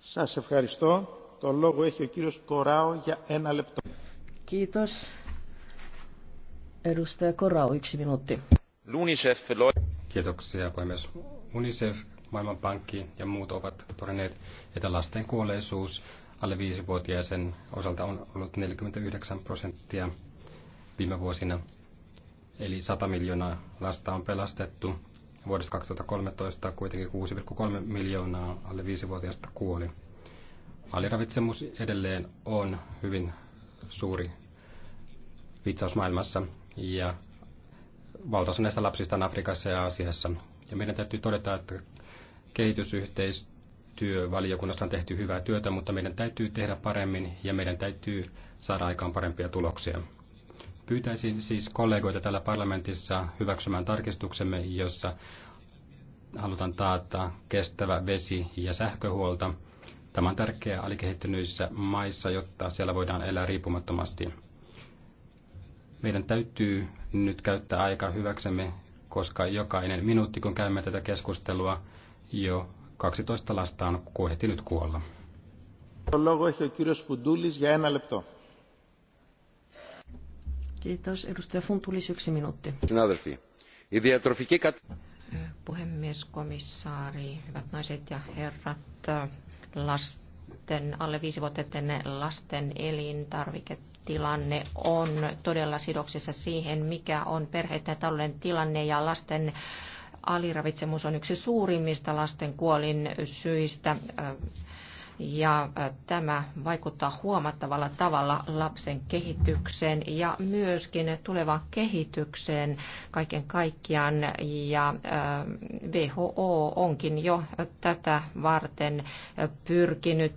Σας ευχαριστώ. Το λόγο έχει ο κύριος Κοράο για ένα λεπτό. Kiitos. Edustaja Korau, yksi minuutti. UNICEF. Kiitoksia puhemies. UNICEF, Maailmanpankki ja muut ovat todenneet, että lasten kuolleisuus alle 5-vuotiaisen osalta on ollut 49 prosenttia viime vuosina. Eli 100 miljoonaa lasta on pelastettu Vuodesta 2013 kuitenkin 6,3 miljoonaa alle 5-vuotiaista kuoli. Aliravitsemus edelleen on hyvin suuri vitsaus maailmassa ja valtaosa näistä lapsista on Afrikassa ja Aasiassa. Ja meidän täytyy todeta, että kehitysyhteistyövaliokunnassa on tehty hyvää työtä, mutta meidän täytyy tehdä paremmin ja meidän täytyy saada aikaan parempia tuloksia. Pyytäisin siis kollegoita täällä parlamentissa hyväksymään tarkistuksemme, jossa halutaan taata kestävä vesi- ja sähköhuolta Tämä on tärkeää alikehittyneissä maissa, jotta siellä voidaan elää riippumattomasti. Meidän täytyy nyt käyttää aika hyväksemme, koska jokainen minuutti, kun käymme tätä keskustelua, jo 12 lasta on kuehtinyt kuolla. Λόγο έχει ο κύριος Φουντούλης για ένα λεπτό. Kiitos. Edustaja Funtulis, yksi minuutti. Συνάδελφοι, Puhemies, komissaari, hyvät naiset ja herrat, lasten, alle viisi vuotiaiden lasten elintarviketilanne on todella sidoksissa siihen, mikä on perheiden talouden tilanne ja lasten aliravitsemus on yksi suurimmista lasten kuolin syistä ja tämä vaikuttaa huomattavalla tavalla lapsen kehitykseen ja myöskin tulevaan kehitykseen kaiken kaikkiaan ja WHO onkin jo tätä varten pyrkinyt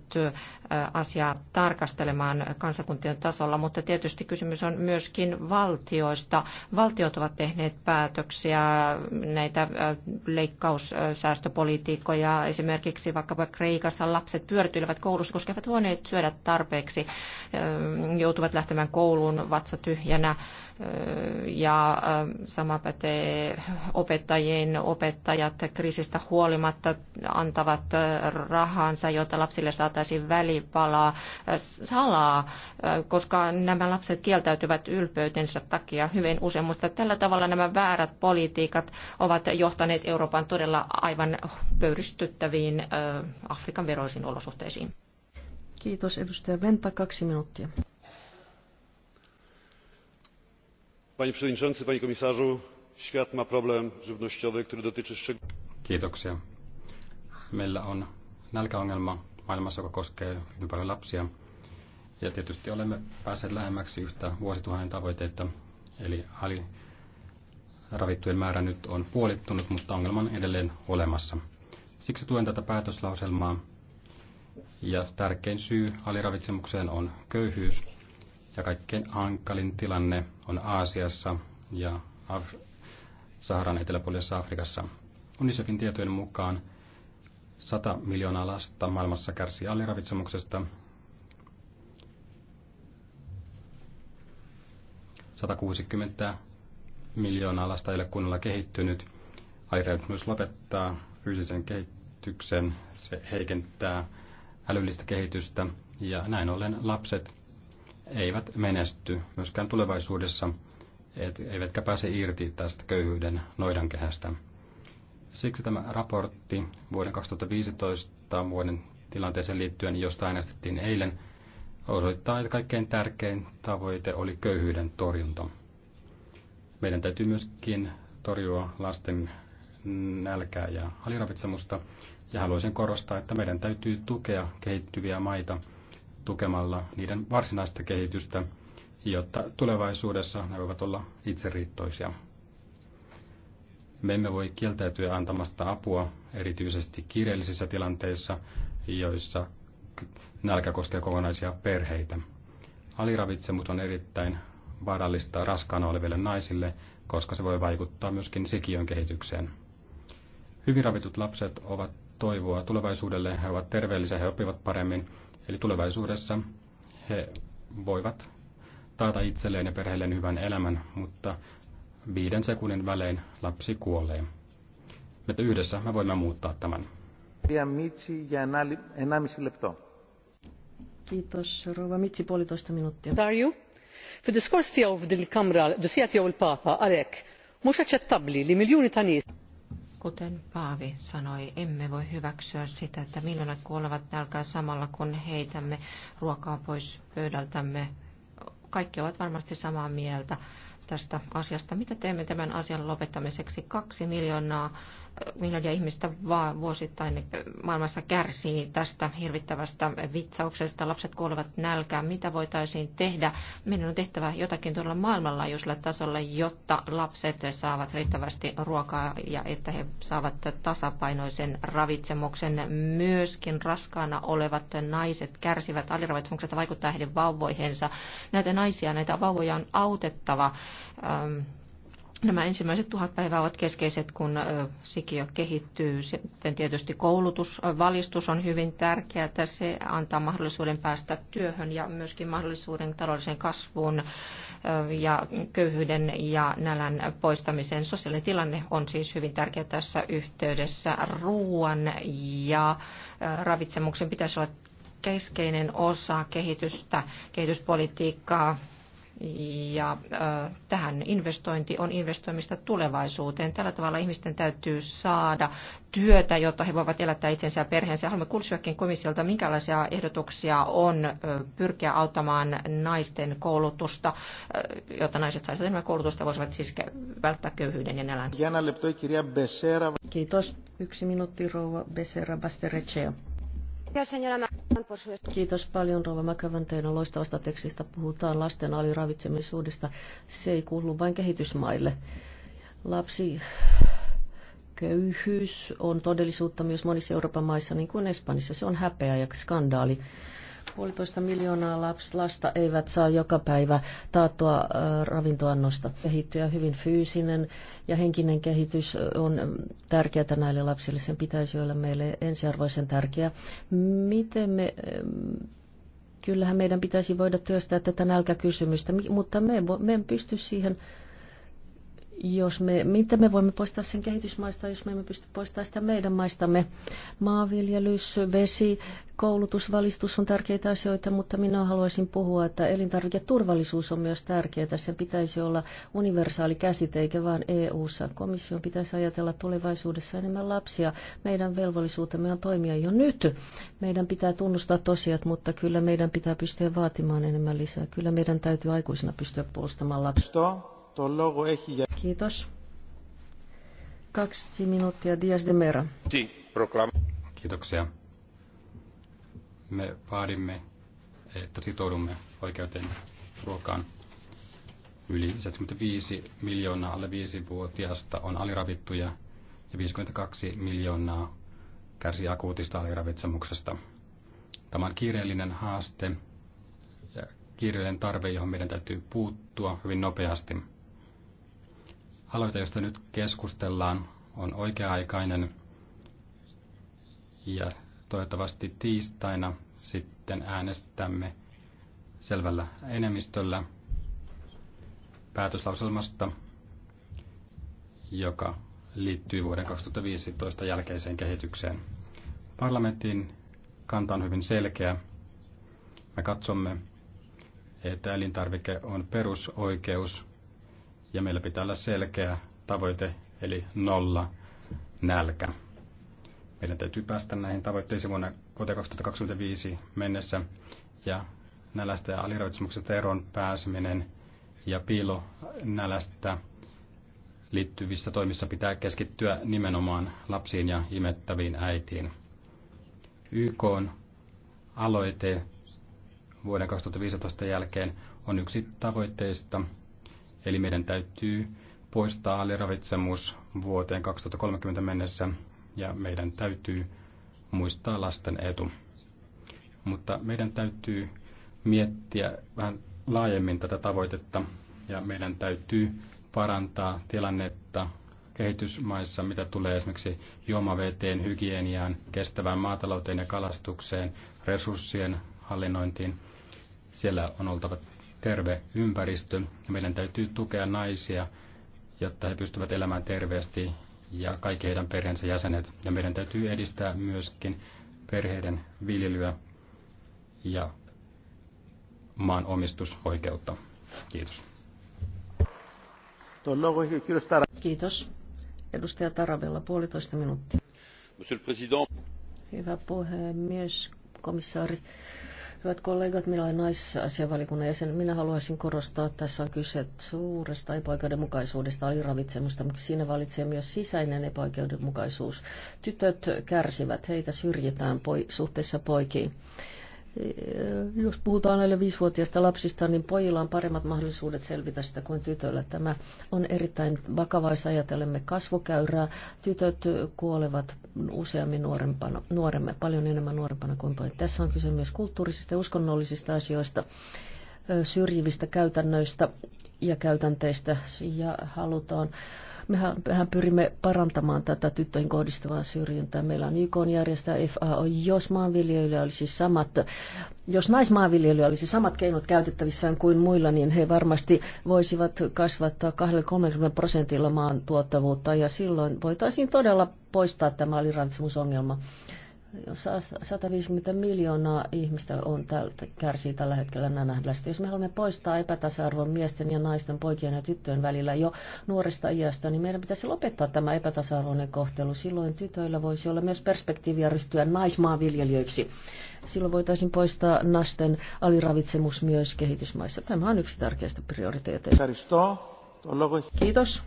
asiaa tarkastelemaan kansakuntien tasolla, mutta tietysti kysymys on myöskin valtioista. Valtiot ovat tehneet päätöksiä näitä leikkaussäästöpolitiikkoja, esimerkiksi vaikkapa Kreikassa lapset pyörivät hyötyilevät koulussa, koska eivät voineet syödä tarpeeksi, joutuvat lähtemään kouluun vatsa tyhjänä ja sama pätee opettajien. Opettajat kriisistä huolimatta antavat rahansa, jotta lapsille saataisiin välipalaa salaa, koska nämä lapset kieltäytyvät ylpeytensä takia hyvin usein. Mutta tällä tavalla nämä väärät politiikat ovat johtaneet Euroopan todella aivan pöyristyttäviin Afrikan veroisiin olosuhteisiin. Kiitos edustaja Venta, kaksi minuuttia. panie przewodniczący! panie komisarzu! świat ma problem żywnościowy który dotyczy szczególnie. maailmassa joka koskee paljon lapsia ja tietysti olemme päässeet yhtä eli määrä nyt on mutta edelleen olemassa. Siksi tuen tätä päätöslauselmaa. Ja tärkein syy aliravitsemukseen on köyhyys, ja kaikkein hankalin tilanne on Aasiassa ja Af- Saharan eteläpuolisessa Afrikassa. UNICEFin tietojen mukaan 100 miljoonaa lasta maailmassa kärsii aliravitsemuksesta. 160 miljoonaa lasta ei ole kunnolla kehittynyt. Aliravitsemus lopettaa fyysisen kehityksen, se heikentää älyllistä kehitystä ja näin ollen lapset eivät menesty myöskään tulevaisuudessa, et, eivätkä pääse irti tästä köyhyyden noidankehästä. Siksi tämä raportti vuoden 2015 vuoden tilanteeseen liittyen, josta äänestettiin eilen, osoittaa, että kaikkein tärkein tavoite oli köyhyyden torjunta. Meidän täytyy myöskin torjua lasten nälkää ja aliravitsemusta, ja haluaisin korostaa, että meidän täytyy tukea kehittyviä maita – tukemalla niiden varsinaista kehitystä, jotta tulevaisuudessa ne voivat olla itseriittoisia. Me emme voi kieltäytyä antamasta apua erityisesti kiireellisissä tilanteissa, joissa nälkä koskee kokonaisia perheitä. Aliravitsemus on erittäin vaarallista raskaana oleville naisille, koska se voi vaikuttaa myöskin sikiön kehitykseen. Hyvin ravitut lapset ovat toivoa tulevaisuudelle, he ovat terveellisiä, he oppivat paremmin Eli tulevaisuudessa he voivat taata itselleen ja perheelleen hyvän elämän, mutta viiden sekunnin välein lapsi kuolee. Mutta yhdessä me voimme muuttaa tämän. Kiitos. Rouva Mitsi, puolitoista minuuttia. Darju, fid kamera. tiegħu f'dil-Kamra dusijat jew il-Papa għalhekk mhux aċċettabbli li miljuni ta' Kuten Paavi sanoi, emme voi hyväksyä sitä, että miljoonat kuolevat nälkää samalla, kun heitämme ruokaa pois pöydältämme. Kaikki ovat varmasti samaa mieltä tästä asiasta. Mitä teemme tämän asian lopettamiseksi? Kaksi miljoonaa miljardia ihmistä vaan vuosittain maailmassa kärsii tästä hirvittävästä vitsauksesta. Lapset kuolevat nälkään. Mitä voitaisiin tehdä? Meidän on tehtävä jotakin tuolla maailmanlaajuisella tasolla, jotta lapset saavat riittävästi ruokaa ja että he saavat tasapainoisen ravitsemuksen. Myöskin raskaana olevat naiset kärsivät aliravitsemuksesta, vaikuttaa heidän vauvoihensa. Näitä naisia, näitä vauvoja on autettava. Ähm, Nämä ensimmäiset tuhat päivää ovat keskeiset, kun sikiö kehittyy. Sitten tietysti koulutus, valistus on hyvin tärkeää. Se antaa mahdollisuuden päästä työhön ja myöskin mahdollisuuden taloudelliseen kasvuun ja köyhyyden ja nälän poistamiseen. Sosiaalinen tilanne on siis hyvin tärkeä tässä yhteydessä. Ruoan ja ravitsemuksen pitäisi olla keskeinen osa kehitystä, kehityspolitiikkaa ja tähän investointi on investoimista tulevaisuuteen. Tällä tavalla ihmisten täytyy saada työtä, jotta he voivat elättää itsensä ja perheensä. Haluamme kutsuakin komissiolta, minkälaisia ehdotuksia on pyrkiä auttamaan naisten koulutusta, jotta naiset saisivat enemmän koulutusta, voisivat siis välttää köyhyyden ja nälän. Kiitos. Yksi minuutti rouva Besera Bastereceo. Kiitos paljon Rova Mäkävän teidän loistavasta tekstistä. Puhutaan lasten aliravitsemisuudesta. Se ei kuulu vain kehitysmaille. Lapsi köyhyys on todellisuutta myös monissa Euroopan maissa, niin kuin Espanjassa. Se on häpeä ja skandaali. Puolitoista miljoonaa laps, lasta eivät saa joka päivä taattua ravintoannosta. Kehittyä hyvin fyysinen ja henkinen kehitys on tärkeää näille lapsille. Sen pitäisi olla meille ensiarvoisen tärkeää. Miten me... kyllähän meidän pitäisi voida työstää tätä nälkäkysymystä, mutta me, me en pysty siihen jos me, mitä me voimme poistaa sen kehitysmaista, jos me emme pysty poistamaan sitä meidän maistamme. Maanviljelys, vesi, koulutus, valistus on tärkeitä asioita, mutta minä haluaisin puhua, että elintarviketurvallisuus on myös tärkeää. Sen pitäisi olla universaali käsite, eikä vain EU-ssa. Komission pitäisi ajatella tulevaisuudessa enemmän lapsia. Meidän velvollisuutemme on toimia jo nyt. Meidän pitää tunnustaa tosiat, mutta kyllä meidän pitää pystyä vaatimaan enemmän lisää. Kyllä meidän täytyy aikuisena pystyä puolustamaan lapsia. Kiitos. Kaksi minuuttia Dias de Mera. Kiitoksia. Me vaadimme, että sitoudumme oikeuteen ruokaan. Yli 75 miljoonaa alle 5-vuotiaasta on aliravittuja ja 52 miljoonaa kärsii akuutista aliravitsemuksesta. Tämä on kiireellinen haaste ja kiireellinen tarve, johon meidän täytyy puuttua hyvin nopeasti. Aloite, josta nyt keskustellaan, on oikea-aikainen ja toivottavasti tiistaina sitten äänestämme selvällä enemmistöllä päätöslauselmasta, joka liittyy vuoden 2015 jälkeiseen kehitykseen. Parlamentin kanta on hyvin selkeä. Me katsomme, että elintarvike on perusoikeus – ja meillä pitää olla selkeä tavoite, eli nolla nälkä. Meidän täytyy päästä näihin tavoitteisiin vuonna 2025 mennessä ja nälästä ja aliravitsemuksesta eroon pääseminen ja piilo nälästä liittyvissä toimissa pitää keskittyä nimenomaan lapsiin ja imettäviin äitiin. YK on aloite vuoden 2015 jälkeen on yksi tavoitteista, Eli meidän täytyy poistaa aliravitsemus vuoteen 2030 mennessä ja meidän täytyy muistaa lasten etu. Mutta meidän täytyy miettiä vähän laajemmin tätä tavoitetta ja meidän täytyy parantaa tilannetta kehitysmaissa, mitä tulee esimerkiksi juomaveteen, hygieniaan, kestävään maatalouteen ja kalastukseen, resurssien hallinnointiin. Siellä on oltava terve ympäristö. Ja meidän täytyy tukea naisia, jotta he pystyvät elämään terveesti ja kaikki heidän perheensä jäsenet. Ja meidän täytyy edistää myöskin perheiden viljelyä ja maan omistusoikeutta. Kiitos. Kiitos. Edustaja Tarabella, puolitoista minuuttia. Hyvä puhemies, komissaari. Hyvät kollegat, minä olen naisasiavalikunnan jäsen. Minä haluaisin korostaa, että tässä on kyse suuresta epäoikeudenmukaisuudesta, aliravitsemusta, mutta siinä valitsee myös sisäinen epäoikeudenmukaisuus. Tytöt kärsivät, heitä syrjitään poi, suhteessa poikiin. Jos puhutaan näille viisivuotiaista lapsista, niin pojilla on paremmat mahdollisuudet selvitä sitä kuin tytöillä. Tämä on erittäin vakava, jos ajatelemme kasvukäyrää. Tytöt kuolevat useammin nuorempana, nuoremme, paljon enemmän nuorempana kuin pojat. Tässä on kyse myös kulttuurisista ja uskonnollisista asioista, syrjivistä käytännöistä ja käytänteistä ja halutaan Mehän, mehän pyrimme parantamaan tätä tyttöihin kohdistuvaa syrjintää. Meillä on YK järjestää FAO, jos maanviljelijöillä olisi samat, jos naismaanviljelijöillä olisi samat keinot käytettävissään kuin muilla, niin he varmasti voisivat kasvattaa 20-30 prosentilla maan tuottavuutta ja silloin voitaisiin todella poistaa tämä aliravitsemusongelma. ongelma 150 miljoonaa ihmistä on tältä, kärsii tällä hetkellä nälänhädästä. Jos me haluamme poistaa epätasa-arvon miesten ja naisten, poikien ja tyttöjen välillä jo nuoresta iästä, niin meidän pitäisi lopettaa tämä epätasa-arvoinen kohtelu. Silloin tytöillä voisi olla myös perspektiiviä ryhtyä naismaanviljelijöiksi. Silloin voitaisiin poistaa naisten aliravitsemus myös kehitysmaissa. Tämä on yksi tärkeistä prioriteeteista. Kiitos.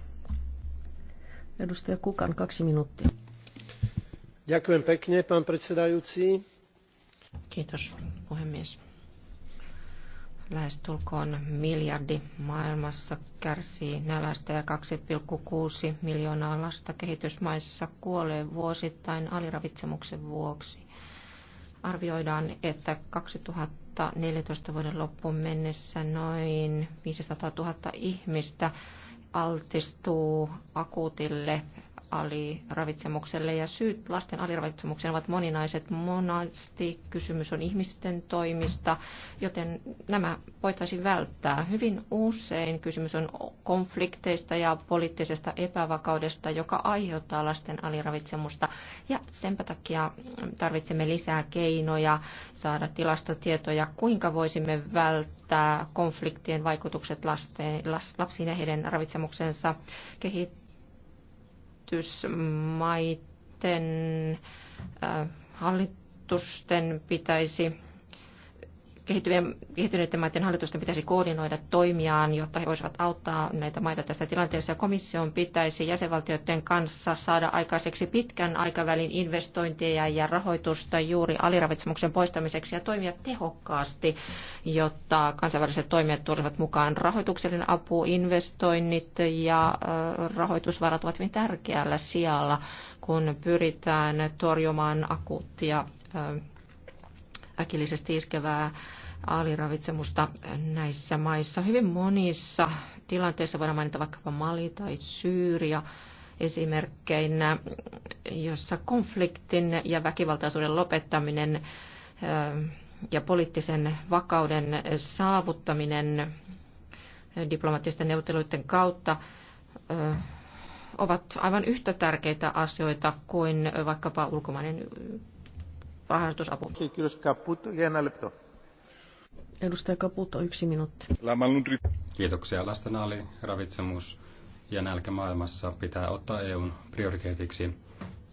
Edustaja Kukan, kaksi minuuttia. Lähestulkoon miljardi maailmassa kärsii nälästä ja kaksi kuusi miljoonaa lasta kehitysmaissa kuolee vuosittain aliravitsemuksen vuoksi. Arvioidaan, että 2014 vuoden loppuun mennessä noin 500 000 ihmistä altistuu akuutille aliravitsemukselle ja syyt lasten aliravitsemukseen ovat moninaiset. Monasti kysymys on ihmisten toimista, joten nämä voitaisiin välttää. Hyvin usein kysymys on konflikteista ja poliittisesta epävakaudesta, joka aiheuttaa lasten aliravitsemusta. Ja senpä takia tarvitsemme lisää keinoja saada tilastotietoja, kuinka voisimme välttää konfliktien vaikutukset lasten, lapsiin ja heidän ravitsemuksensa kehittää kehitysmaiden äh, hallitusten pitäisi kehittyneiden maiden hallitusten pitäisi koordinoida toimiaan, jotta he voisivat auttaa näitä maita tässä tilanteessa. Komission pitäisi jäsenvaltioiden kanssa saada aikaiseksi pitkän aikavälin investointeja ja rahoitusta juuri aliravitsemuksen poistamiseksi ja toimia tehokkaasti, jotta kansainväliset toimijat tulevat mukaan. Rahoituksellinen apu, investoinnit ja rahoitusvarat ovat hyvin tärkeällä sijalla, kun pyritään torjumaan akuuttia äkillisesti iskevää aliravitsemusta näissä maissa. Hyvin monissa tilanteissa voidaan mainita vaikkapa Mali tai Syyria esimerkkeinä, jossa konfliktin ja väkivaltaisuuden lopettaminen ja poliittisen vakauden saavuttaminen diplomaattisten neuvotteluiden kautta ovat aivan yhtä tärkeitä asioita kuin vaikkapa ulkomainen rahoitusapu. Edustaja Caputo, yksi minuutti. Kiitoksia. Lastenaali, ravitsemus ja nälkä maailmassa pitää ottaa EUn prioriteetiksi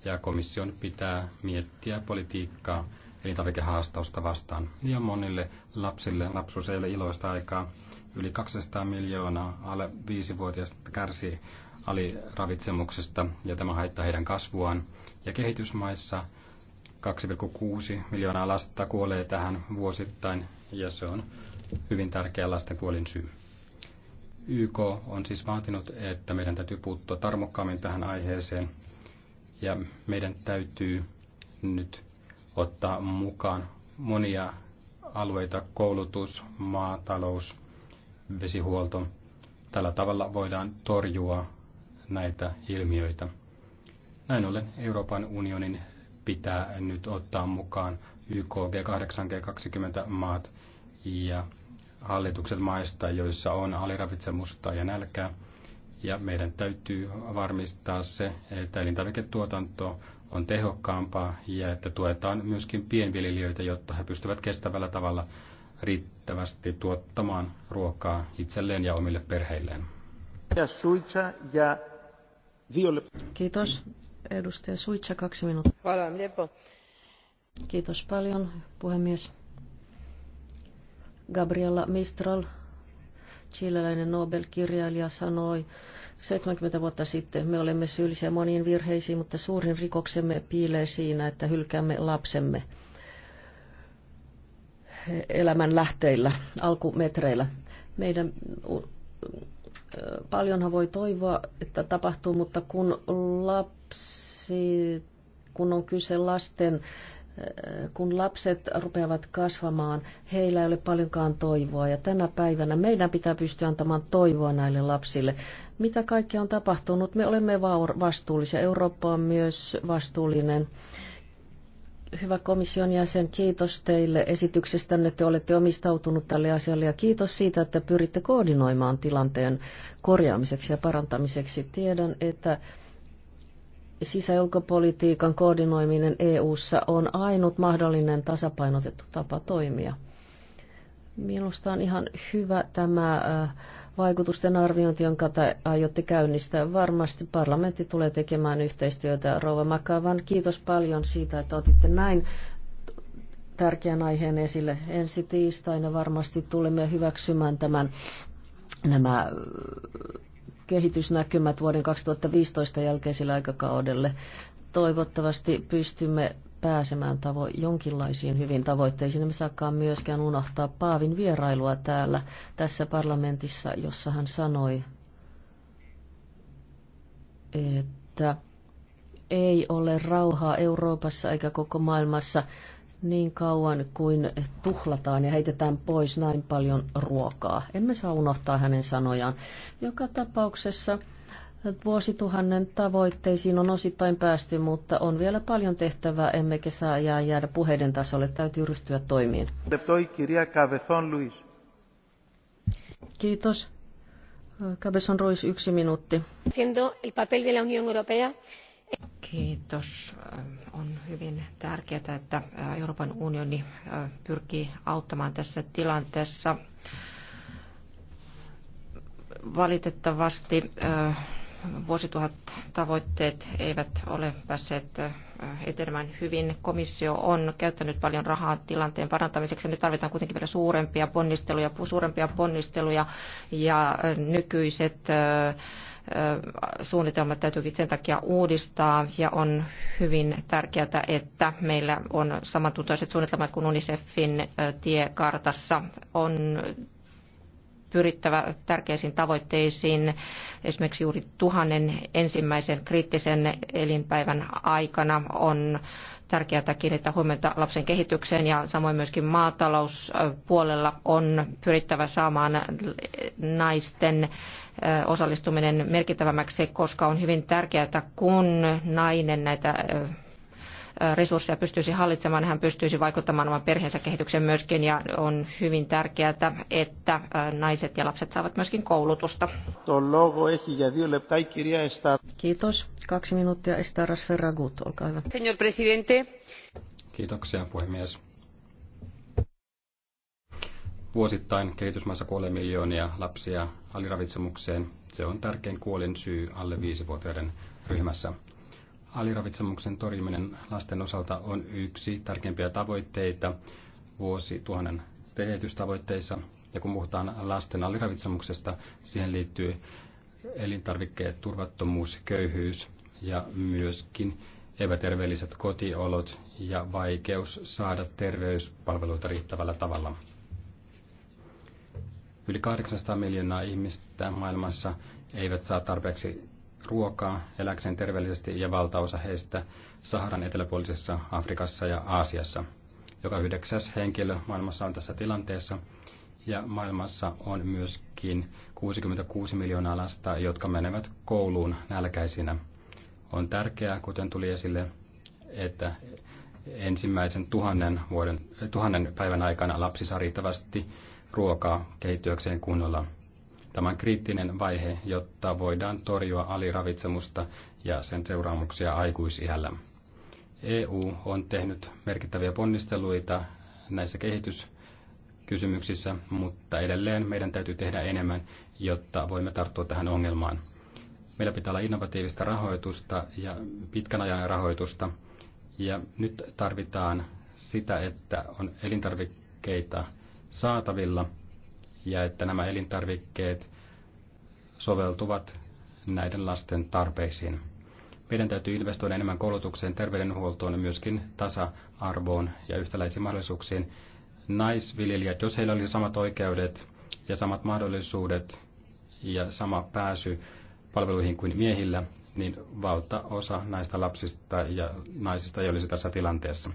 ja komission pitää miettiä politiikkaa tarvikehaastausta vastaan. Liian monille lapsille lapsuseille iloista aikaa yli 200 miljoonaa alle 5-vuotiaista kärsii aliravitsemuksesta ja tämä haittaa heidän kasvuaan. Ja kehitysmaissa 2,6 miljoonaa lasta kuolee tähän vuosittain ja se on hyvin tärkeä lasten kuolin syy. YK on siis vaatinut, että meidän täytyy puuttua tarmokkaammin tähän aiheeseen ja meidän täytyy nyt ottaa mukaan monia alueita, koulutus, maatalous, vesihuolto. Tällä tavalla voidaan torjua näitä ilmiöitä. Näin ollen Euroopan unionin pitää nyt ottaa mukaan YK, G8, G20 maat ja hallitukset maista, joissa on aliravitsemusta ja nälkää. Ja meidän täytyy varmistaa se, että elintarviketuotanto on tehokkaampaa ja että tuetaan myöskin pienviljelijöitä, jotta he pystyvät kestävällä tavalla riittävästi tuottamaan ruokaa itselleen ja omille perheilleen. Kiitos. Edustaja Suitsa, kaksi minuuttia. Kiitos paljon, puhemies. Gabriela Mistral, chileläinen Nobel-kirjailija, sanoi 70 vuotta sitten, me olemme syyllisiä moniin virheisiin, mutta suurin rikoksemme piilee siinä, että hylkäämme lapsemme elämän lähteillä, alkumetreillä. Meidän paljonhan voi toivoa, että tapahtuu, mutta kun lapsi, kun on kyse lasten, kun lapset rupeavat kasvamaan, heillä ei ole paljonkaan toivoa. Ja tänä päivänä meidän pitää pystyä antamaan toivoa näille lapsille. Mitä kaikkea on tapahtunut? Me olemme vastuullisia. Eurooppa on myös vastuullinen. Hyvä komission jäsen, kiitos teille esityksestänne. Te olette omistautunut tälle asialle ja kiitos siitä, että pyritte koordinoimaan tilanteen korjaamiseksi ja parantamiseksi. Tiedän, että sisä- ja ulkopolitiikan koordinoiminen EU:ssa on ainut mahdollinen tasapainotettu tapa toimia. Minusta on ihan hyvä tämä äh, vaikutusten arviointi, jonka te aiotte käynnistää. Varmasti parlamentti tulee tekemään yhteistyötä. Rouva Makavan, kiitos paljon siitä, että otitte näin tärkeän aiheen esille. Ensi tiistaina varmasti tulemme hyväksymään tämän, nämä äh, kehitysnäkymät vuoden 2015 jälkeisellä aikakaudelle. Toivottavasti pystymme pääsemään tavo- jonkinlaisiin hyvin tavoitteisiin. Me saakaan myöskään unohtaa Paavin vierailua täällä tässä parlamentissa, jossa hän sanoi, että ei ole rauhaa Euroopassa eikä koko maailmassa niin kauan kuin tuhlataan ja heitetään pois näin paljon ruokaa. Emme saa unohtaa hänen sanojaan. Joka tapauksessa Vuosituhannen tavoitteisiin on osittain päästy, mutta on vielä paljon tehtävää, emmekä saa jää jäädä puheiden tasolle. Täytyy ryhtyä toimiin. Kiitos. Cabezon Ruiz, yksi minuutti. Kiitos. On hyvin tärkeää, että Euroopan unioni pyrkii auttamaan tässä tilanteessa. Valitettavasti vuosituhat tavoitteet eivät ole päässeet etenemään hyvin. Komissio on käyttänyt paljon rahaa tilanteen parantamiseksi. Nyt tarvitaan kuitenkin vielä suurempia ponnisteluja, suurempia ponnisteluja ja nykyiset suunnitelmat täytyykin sen takia uudistaa ja on hyvin tärkeää, että meillä on samantuntoiset suunnitelmat kuin UNICEFin tiekartassa. On pyrittävä tärkeisiin tavoitteisiin, esimerkiksi juuri tuhannen ensimmäisen kriittisen elinpäivän aikana on tärkeää kiinnittää huomiota lapsen kehitykseen ja samoin myöskin maatalouspuolella on pyrittävä saamaan naisten osallistuminen merkittävämmäksi, koska on hyvin tärkeää, kun nainen näitä resursseja pystyisi hallitsemaan, hän pystyisi vaikuttamaan oman perheensä kehitykseen myöskin ja on hyvin tärkeää, että naiset ja lapset saavat myöskin koulutusta. Kiitos. Kaksi minuuttia Estaras Ferragut, olkaa hyvä. Señor presidente. Kiitoksia puhemies. Vuosittain kehitysmaissa kuolee miljoonia lapsia aliravitsemukseen. Se on tärkein kuolin syy alle viisivuotiaiden ryhmässä. Aliravitsemuksen torjuminen lasten osalta on yksi tärkeimpiä tavoitteita vuosituhannen kehitystavoitteissa. Ja kun puhutaan lasten aliravitsemuksesta, siihen liittyy elintarvikkeet, turvattomuus, köyhyys ja myöskin epäterveelliset kotiolot ja vaikeus saada terveyspalveluita riittävällä tavalla. Yli 800 miljoonaa ihmistä maailmassa eivät saa tarpeeksi ruokaa eläkseen terveellisesti ja valtaosa heistä Saharan eteläpuolisessa Afrikassa ja Aasiassa. Joka yhdeksäs henkilö maailmassa on tässä tilanteessa ja maailmassa on myöskin 66 miljoonaa lasta, jotka menevät kouluun nälkäisinä. On tärkeää, kuten tuli esille, että ensimmäisen tuhannen, vuoden, tuhannen päivän aikana lapsi saa riittävästi ruokaa kehittyäkseen kunnolla. Tämä on kriittinen vaihe, jotta voidaan torjua aliravitsemusta ja sen seuraamuksia aikuisihällä. EU on tehnyt merkittäviä ponnisteluita näissä kehityskysymyksissä, mutta edelleen meidän täytyy tehdä enemmän, jotta voimme tarttua tähän ongelmaan. Meillä pitää olla innovatiivista rahoitusta ja pitkän ajan rahoitusta. Ja nyt tarvitaan sitä, että on elintarvikkeita saatavilla – ja että nämä elintarvikkeet soveltuvat näiden lasten tarpeisiin. Meidän täytyy investoida enemmän koulutukseen, terveydenhuoltoon ja myöskin tasa-arvoon ja yhtäläisiin mahdollisuuksiin. Naisviljelijät, jos heillä olisi samat oikeudet ja samat mahdollisuudet ja sama pääsy palveluihin kuin miehillä, niin valtaosa näistä lapsista ja naisista ei olisi tässä tilanteessa.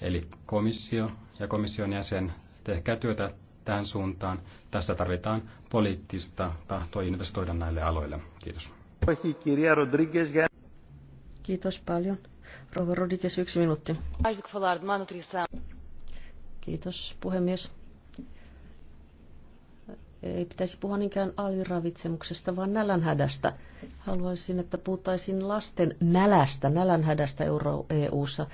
Eli komissio ja komission jäsen, tehkää työtä tähän suuntaan. Tässä tarvitaan poliittista tahtoa investoida näille aloille. Kiitos. Kiitos paljon. Rouva Rodriguez, yksi minuutti. Kiitos puhemies. Ei pitäisi puhua niinkään aliravitsemuksesta, vaan nälänhädästä. Haluaisin, että puhuttaisiin lasten nälästä, nälänhädästä eu e ssa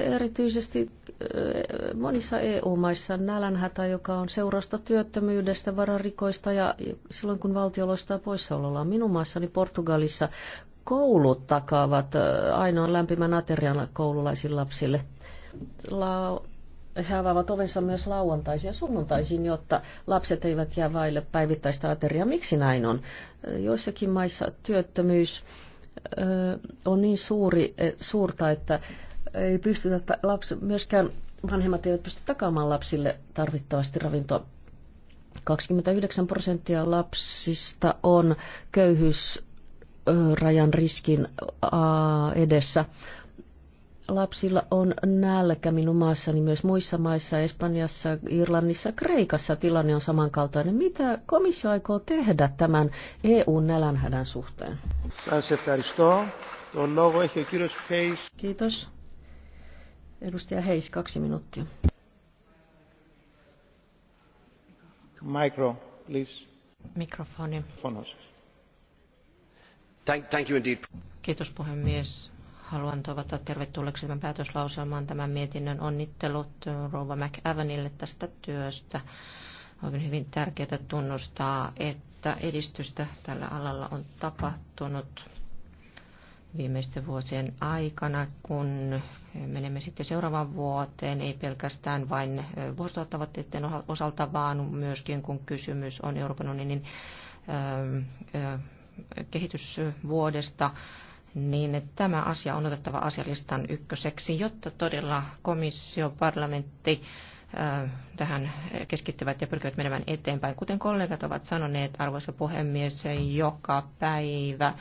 Erityisesti eh, monissa EU-maissa nälänhätä, joka on seurasta työttömyydestä, vararikoista ja silloin kun valtio loistaa poissaolollaan. Minun maassani Portugalissa koulut takaavat eh, ainoan lämpimän aterian koululaisille lapsille. La- he avaavat ovensa myös lauantaisin ja sunnuntaisin, jotta lapset eivät jää vaille päivittäistä ateriaa. Miksi näin on? Eh, joissakin maissa työttömyys on niin suuri, suurta, että ei pystytä, lapsi, myöskään vanhemmat eivät pysty takaamaan lapsille tarvittavasti ravintoa. 29 prosenttia lapsista on köyhyysrajan riskin edessä. Lapsilla on nälkä minun maassani, myös muissa maissa, Espanjassa, Irlannissa, Kreikassa tilanne on samankaltainen. Mitä komissio aikoo tehdä tämän EU-nälänhädän suhteen? Kiitos. Edustaja Heis, kaksi minuuttia. Micro, please. Mikrofoni. Fonos. Thank, thank you indeed. Kiitos puhemies. Haluan toivottaa tervetulleeksi tämän päätöslauselmaan. tämän mietinnön onnittelut Rova McAvenille tästä työstä. On hyvin tärkeää tunnustaa, että edistystä tällä alalla on tapahtunut viimeisten vuosien aikana, kun menemme sitten seuraavaan vuoteen, ei pelkästään vain vuosituhattavoitteiden osalta, vaan myöskin kun kysymys on Euroopan unionin kehitysvuodesta, niin tämä asia on otettava asialistan ykköseksi, jotta todella komissio, parlamentti, tähän keskittyvät ja pyrkivät menemään eteenpäin. Kuten kollegat ovat sanoneet, arvoisa puhemies, joka päivä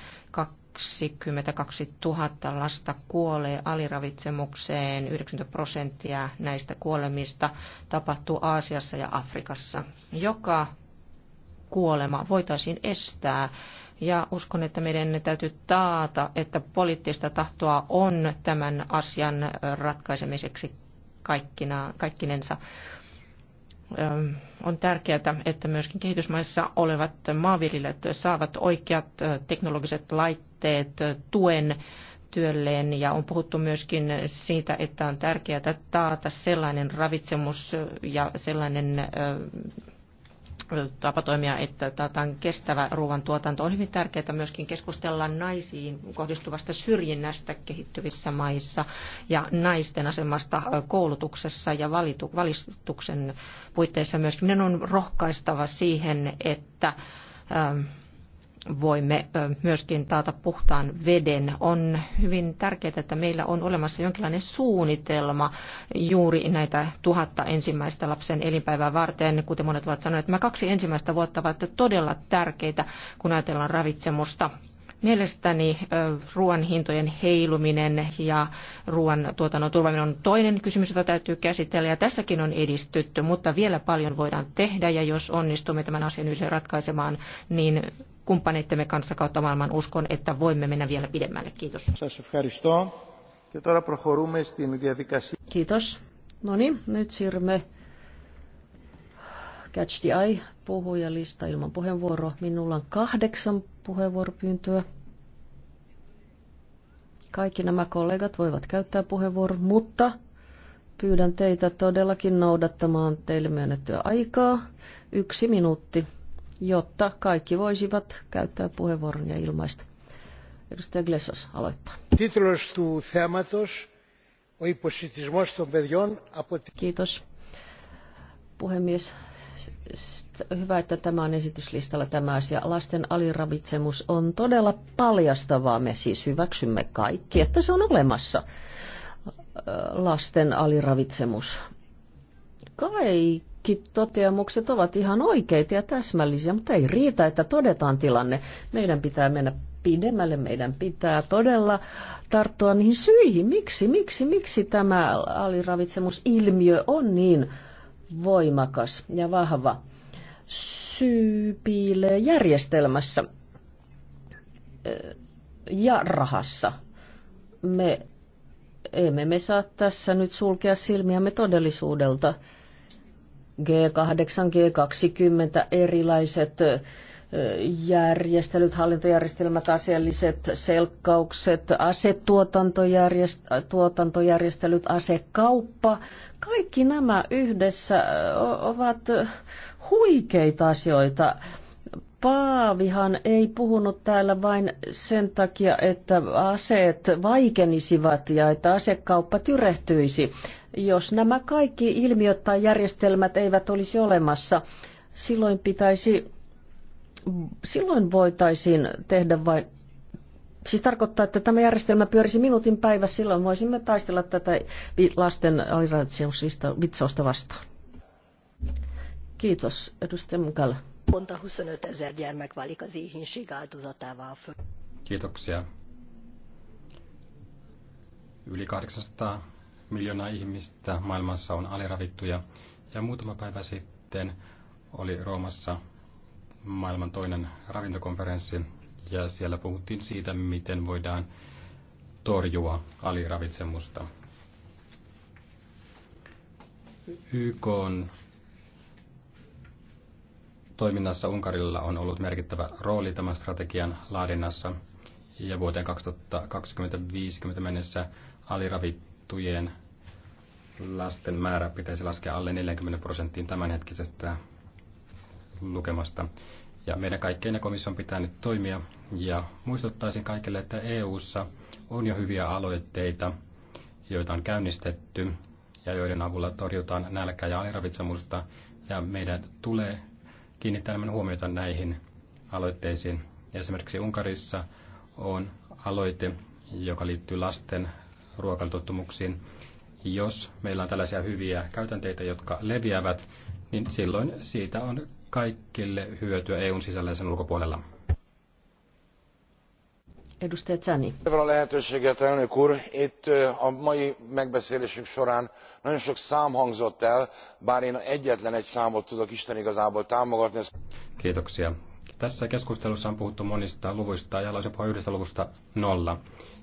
22 000 lasta kuolee aliravitsemukseen. 90 prosenttia näistä kuolemista tapahtuu Aasiassa ja Afrikassa. Joka kuolema voitaisiin estää. Ja uskon, että meidän täytyy taata, että poliittista tahtoa on tämän asian ratkaisemiseksi kaikkina, kaikkinensa on tärkeää, että myöskin kehitysmaissa olevat maanviljelijät saavat oikeat teknologiset laitteet puitteet tuen työlleen ja on puhuttu myöskin siitä, että on tärkeää taata sellainen ravitsemus ja sellainen tapa toimia, että taataan kestävä ruoantuotanto. On hyvin tärkeää myöskin keskustella naisiin kohdistuvasta syrjinnästä kehittyvissä maissa ja naisten asemasta koulutuksessa ja valitu, valistuksen puitteissa myöskin. Minun on rohkaistava siihen, että ähm, voimme myöskin taata puhtaan veden. On hyvin tärkeää, että meillä on olemassa jonkinlainen suunnitelma juuri näitä tuhatta ensimmäistä lapsen elinpäivää varten. Kuten monet ovat sanoneet, nämä kaksi ensimmäistä vuotta ovat todella tärkeitä, kun ajatellaan ravitsemusta Mielestäni ruoan hintojen heiluminen ja ruoan tuotannon turvaminen on toinen kysymys, jota täytyy käsitellä. Ja tässäkin on edistytty, mutta vielä paljon voidaan tehdä. Ja jos onnistumme tämän asian yhdessä ratkaisemaan, niin kumppaneittemme kanssa kautta maailman uskon, että voimme mennä vielä pidemmälle. Kiitos. Kiitos. No niin, nyt siirrymme Catch the Eye puhujalista ilman puheenvuoroa. Minulla on kahdeksan puheenvuoropyyntöä. Kaikki nämä kollegat voivat käyttää puheenvuoron, mutta pyydän teitä todellakin noudattamaan teille myönnettyä aikaa. Yksi minuutti, jotta kaikki voisivat käyttää puheenvuoron ja ilmaista. Edustaja Glesos aloittaa. Titulos του θέματος, ο Kiitos. Puhemies, hyvä, että tämä on esityslistalla tämä asia. Lasten aliravitsemus on todella paljastavaa. Me siis hyväksymme kaikki, että se on olemassa. Lasten aliravitsemus. Kaikki toteamukset ovat ihan oikeita ja täsmällisiä, mutta ei riitä, että todetaan tilanne. Meidän pitää mennä pidemmälle meidän pitää todella tarttua niihin syihin. Miksi, miksi, miksi tämä aliravitsemusilmiö on niin voimakas ja vahva syy järjestelmässä eh, ja rahassa. Me emme me saa tässä nyt sulkea silmiämme todellisuudelta. G8, G20, erilaiset eh, järjestelyt, hallintojärjestelmät, aseelliset selkkaukset, asetuotantojärjestelyt, asekauppa, kaikki nämä yhdessä ovat huikeita asioita. Paavihan ei puhunut täällä vain sen takia, että aseet vaikenisivat ja että asekauppa tyrehtyisi. Jos nämä kaikki ilmiöt tai järjestelmät eivät olisi olemassa, silloin pitäisi, silloin voitaisiin tehdä vain siis tarkoittaa, että tämä järjestelmä pyörisi minuutin päivässä, silloin voisimme taistella tätä lasten aliravitsemuksista vitsausta vastaan. Kiitos, edustaja Mukala. Ponta 25 ezer Kiitoksia. Yli 800 miljoonaa ihmistä maailmassa on aliravittuja ja muutama päivä sitten oli Roomassa maailman toinen ravintokonferenssi ja siellä puhuttiin siitä, miten voidaan torjua aliravitsemusta. YK on toiminnassa Unkarilla on ollut merkittävä rooli tämän strategian laadinnassa ja vuoteen 2050 mennessä aliravittujen lasten määrä pitäisi laskea alle 40 prosenttiin tämänhetkisestä lukemasta. Ja meidän kaikkien ja komission pitää nyt toimia. Ja muistuttaisin kaikille, että EU:ssa on jo hyviä aloitteita, joita on käynnistetty ja joiden avulla torjutaan nälkä ja aliravitsemusta. Ja meidän tulee kiinnittää enemmän huomiota näihin aloitteisiin. Esimerkiksi Unkarissa on aloite, joka liittyy lasten ruokailutottumuksiin. Jos meillä on tällaisia hyviä käytänteitä, jotka leviävät, niin silloin siitä on kaikille hyötyä EUn sisällä ja sen ulkopuolella. Edustaja Czani. Tämä lehetőséget, elnök úr. Itt a mai megbeszélésünk során nagyon sok szám hangzott el, bár én egyetlen egy számot tudok Isten igazából támogatni. Kiitoksia. Tässä keskustelussa on puhuttu monista luvuista ja haluaisin puhua yhdestä luvusta nolla.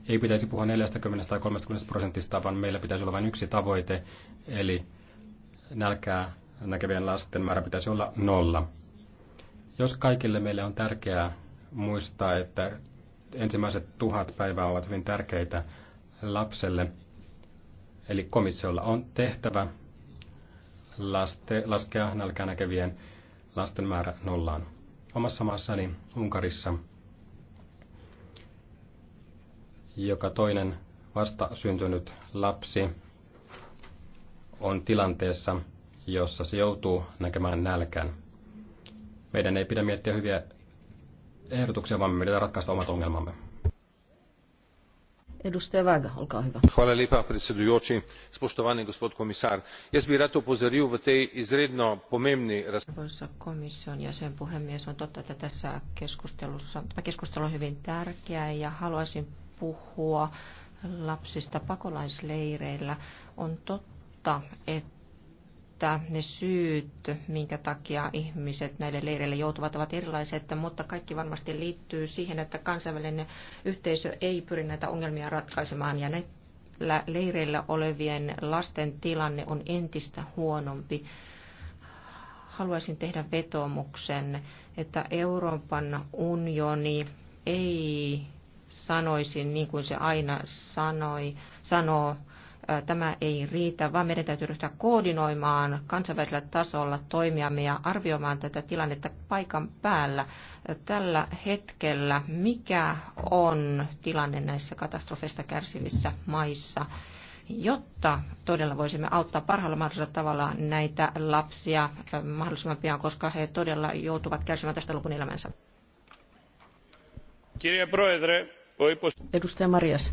Ei pitäisi puhua 40 tai 30 prosentista, vaan meillä pitäisi olla vain yksi tavoite, eli nälkää näkevien lasten määrä pitäisi olla nolla. Jos kaikille meille on tärkeää muistaa, että ensimmäiset tuhat päivää ovat hyvin tärkeitä lapselle, eli komissiolla on tehtävä laste, laskea nälkää näkevien lasten määrä nollaan. Omassa maassani Unkarissa joka toinen vasta syntynyt lapsi on tilanteessa, jossa se joutuu näkemään nälkään. Meidän ei pidä miettiä hyviä ehdotuksia, vaan me pitää ratkaista omat ongelmamme. Edustaja Vaga, olkaa hyvä. Hvala lepa, predsedujoči. Spoštovani gospod komisar, jaz bi rad opozoril v tej izredno pomembni Arvoisa komission jäsen puhemies, on totta, että tässä keskustelussa, tämä keskustelu on hyvin tärkeä ja haluaisin puhua lapsista pakolaisleireillä. On totta, että että ne syyt, minkä takia ihmiset näille leireille joutuvat, ovat erilaiset, mutta kaikki varmasti liittyy siihen, että kansainvälinen yhteisö ei pyri näitä ongelmia ratkaisemaan ja ne leireillä olevien lasten tilanne on entistä huonompi. Haluaisin tehdä vetomuksen, että Euroopan unioni ei sanoisi niin kuin se aina sanoi, sanoo, tämä ei riitä, vaan meidän täytyy ryhtyä koordinoimaan kansainvälisellä tasolla toimiamme ja arvioimaan tätä tilannetta paikan päällä. Tällä hetkellä mikä on tilanne näissä katastrofeista kärsivissä maissa? jotta todella voisimme auttaa parhaalla mahdollisella tavalla näitä lapsia mahdollisimman pian, koska he todella joutuvat kärsimään tästä lopun elämänsä. Edustaja Marias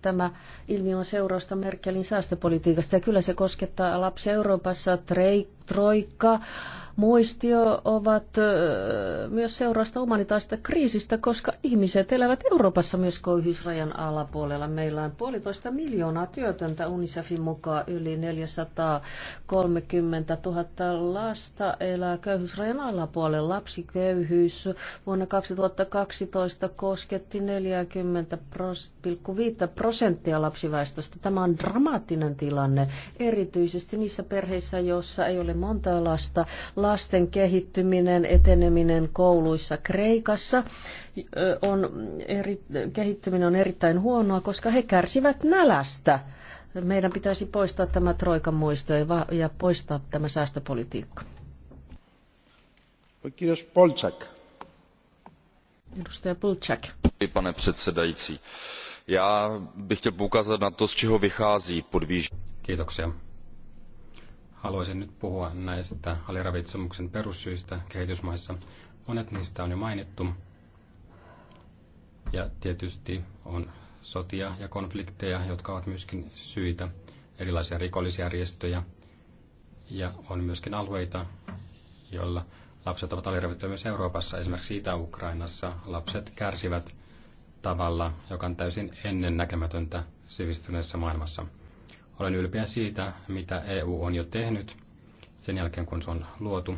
Tämä ilmiö on seurausta Merkelin säästöpolitiikasta ja kyllä se koskettaa lapsi Euroopassa. Trei, troikka, muistio ovat myös seurausta humanitaista kriisistä, koska ihmiset elävät Euroopassa myös köyhyysrajan alapuolella. Meillä on puolitoista miljoonaa työtöntä UNICEFin mukaan yli 430 000 lasta elää köyhyysrajan alapuolella. Lapsiköyhyys vuonna 2012 kosketti 40,5 prosenttia prosenttia lapsiväestöstä. Tämä on dramaattinen tilanne, erityisesti niissä perheissä, joissa ei ole monta lasta. Lasten kehittyminen, eteneminen kouluissa Kreikassa on eri, kehittyminen on erittäin huonoa, koska he kärsivät nälästä. Meidän pitäisi poistaa tämä Troikan muisto ja poistaa tämä säästöpolitiikka. Kiitos Polczak. Edustaja Polczak. Pane předsedající, já bych chtěl poukázat na to z čeho vychází podvýživa. Kiitoksia. Haluaisin nyt puhua näistä aliravitsemuksen perussyistä kehitysmaissa. Monet niistä on jo mainittu. Ja tietysti on sotia ja konflikteja, jotka ovat myöskin syitä, erilaisia rikollisjärjestöjä. Ja on myöskin alueita, joilla lapset ovat aliravittuja myös Euroopassa. Esimerkiksi Itä-Ukrainassa lapset kärsivät tavalla, joka on täysin ennennäkemätöntä sivistyneessä maailmassa. Olen ylpeä siitä, mitä EU on jo tehnyt sen jälkeen, kun se on luotu.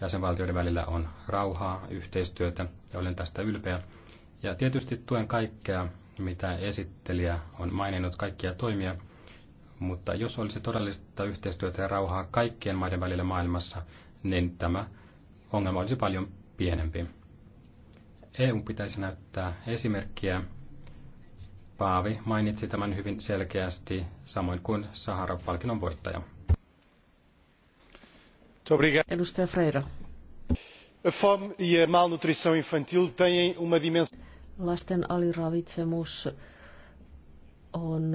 Jäsenvaltioiden välillä on rauhaa, yhteistyötä ja olen tästä ylpeä. Ja tietysti tuen kaikkea, mitä esittelijä on maininnut, kaikkia toimia, mutta jos olisi todellista yhteistyötä ja rauhaa kaikkien maiden välillä maailmassa, niin tämä ongelma olisi paljon pienempi. EU pitäisi näyttää esimerkkiä. Paavi mainitsi tämän hyvin selkeästi, samoin kuin Sahara-palkinnon voittaja. Edustaja Freira. E Lasten aliravitsemus on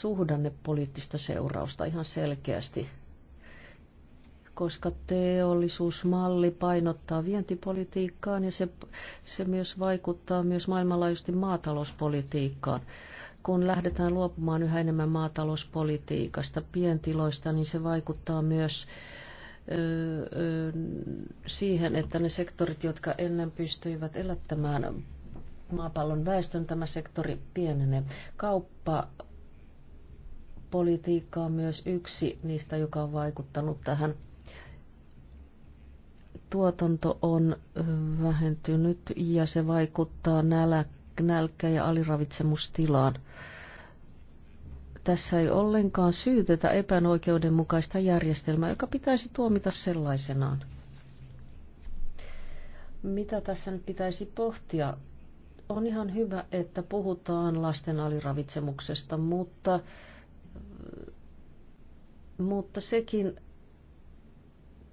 suhdannepoliittista seurausta ihan selkeästi koska teollisuusmalli painottaa vientipolitiikkaan ja se, se myös vaikuttaa myös maailmanlaajuisesti maatalouspolitiikkaan. Kun lähdetään luopumaan yhä enemmän maatalouspolitiikasta, pientiloista, niin se vaikuttaa myös siihen, että ne sektorit, jotka ennen pystyivät elättämään maapallon väestön, tämä sektori pienenee. Kauppa politiikka on myös yksi niistä, joka on vaikuttanut tähän tuotanto on vähentynyt ja se vaikuttaa nälä, nälkä- ja aliravitsemustilaan. Tässä ei ollenkaan syytetä epäoikeudenmukaista järjestelmää, joka pitäisi tuomita sellaisenaan. Mitä tässä nyt pitäisi pohtia? On ihan hyvä, että puhutaan lasten aliravitsemuksesta, mutta, mutta sekin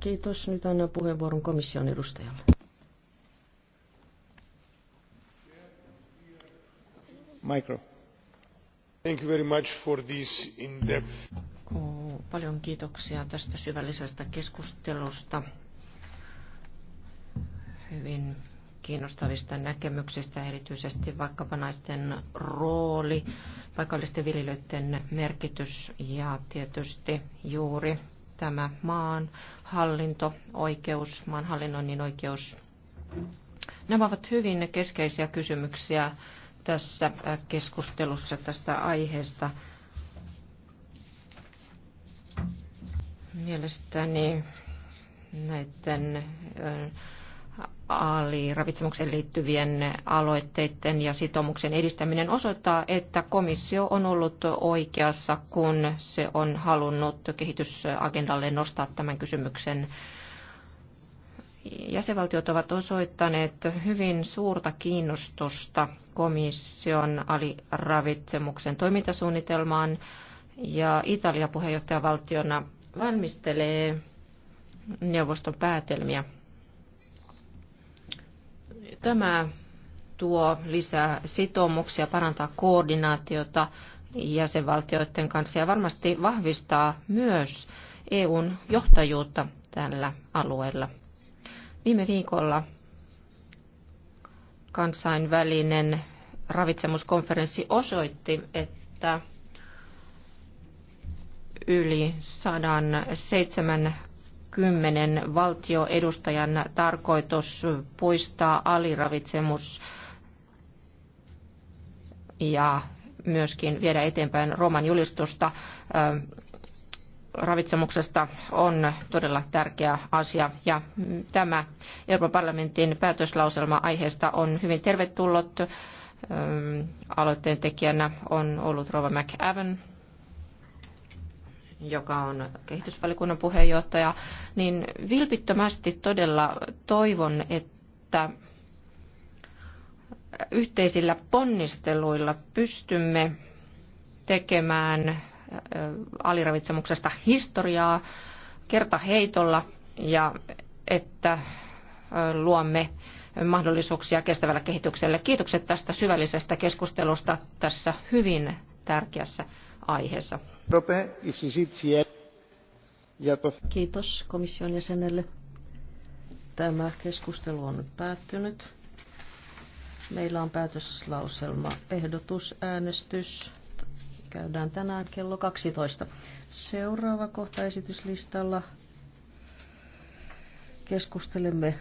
Kiitos. Nyt annan puheenvuoron komission edustajalle. Micro. Thank you very much for this in-depth. Paljon kiitoksia tästä syvällisestä keskustelusta. Hyvin kiinnostavista näkemyksistä, erityisesti vaikkapa naisten rooli, paikallisten viljelijöiden merkitys ja tietysti juuri tämä maan hallinto, oikeus, maan hallinnoinnin oikeus. Nämä ovat hyvin keskeisiä kysymyksiä tässä äh, keskustelussa tästä aiheesta. Mielestäni näiden äh, ravitsemukseen liittyvien aloitteiden ja sitoumuksen edistäminen osoittaa, että komissio on ollut oikeassa, kun se on halunnut kehitysagendalle nostaa tämän kysymyksen. Jäsenvaltiot ovat osoittaneet hyvin suurta kiinnostusta komission aliravitsemuksen toimintasuunnitelmaan ja Italia puheenjohtajavaltiona valmistelee neuvoston päätelmiä Tämä tuo lisää sitoumuksia, parantaa koordinaatiota jäsenvaltioiden kanssa ja varmasti vahvistaa myös EUn johtajuutta tällä alueella. Viime viikolla kansainvälinen ravitsemuskonferenssi osoitti, että yli 107 kymmenen valtioedustajan tarkoitus poistaa aliravitsemus ja myöskin viedä eteenpäin Rooman julistusta ähm, ravitsemuksesta on todella tärkeä asia ja tämä Euroopan parlamentin päätöslauselma aiheesta on hyvin tervetullut. Ähm, aloitteen tekijänä on ollut Rova McAvan joka on kehitysvalikunnan puheenjohtaja, niin vilpittömästi todella toivon, että yhteisillä ponnisteluilla pystymme tekemään aliravitsemuksesta historiaa kertaheitolla ja että luomme mahdollisuuksia kestävällä kehitykselle. Kiitokset tästä syvällisestä keskustelusta tässä hyvin tärkeässä aiheessa. Kiitos komission jäsenelle. Tämä keskustelu on nyt päättynyt. Meillä on päätöslauselma ehdotusäänestys. Käydään tänään kello 12. Seuraava kohta esityslistalla keskustelemme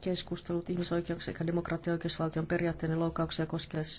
keskustelut ihmisoikeuksien ja demokratia- ja oikeusvaltion periaatteiden loukauksia koskevassa.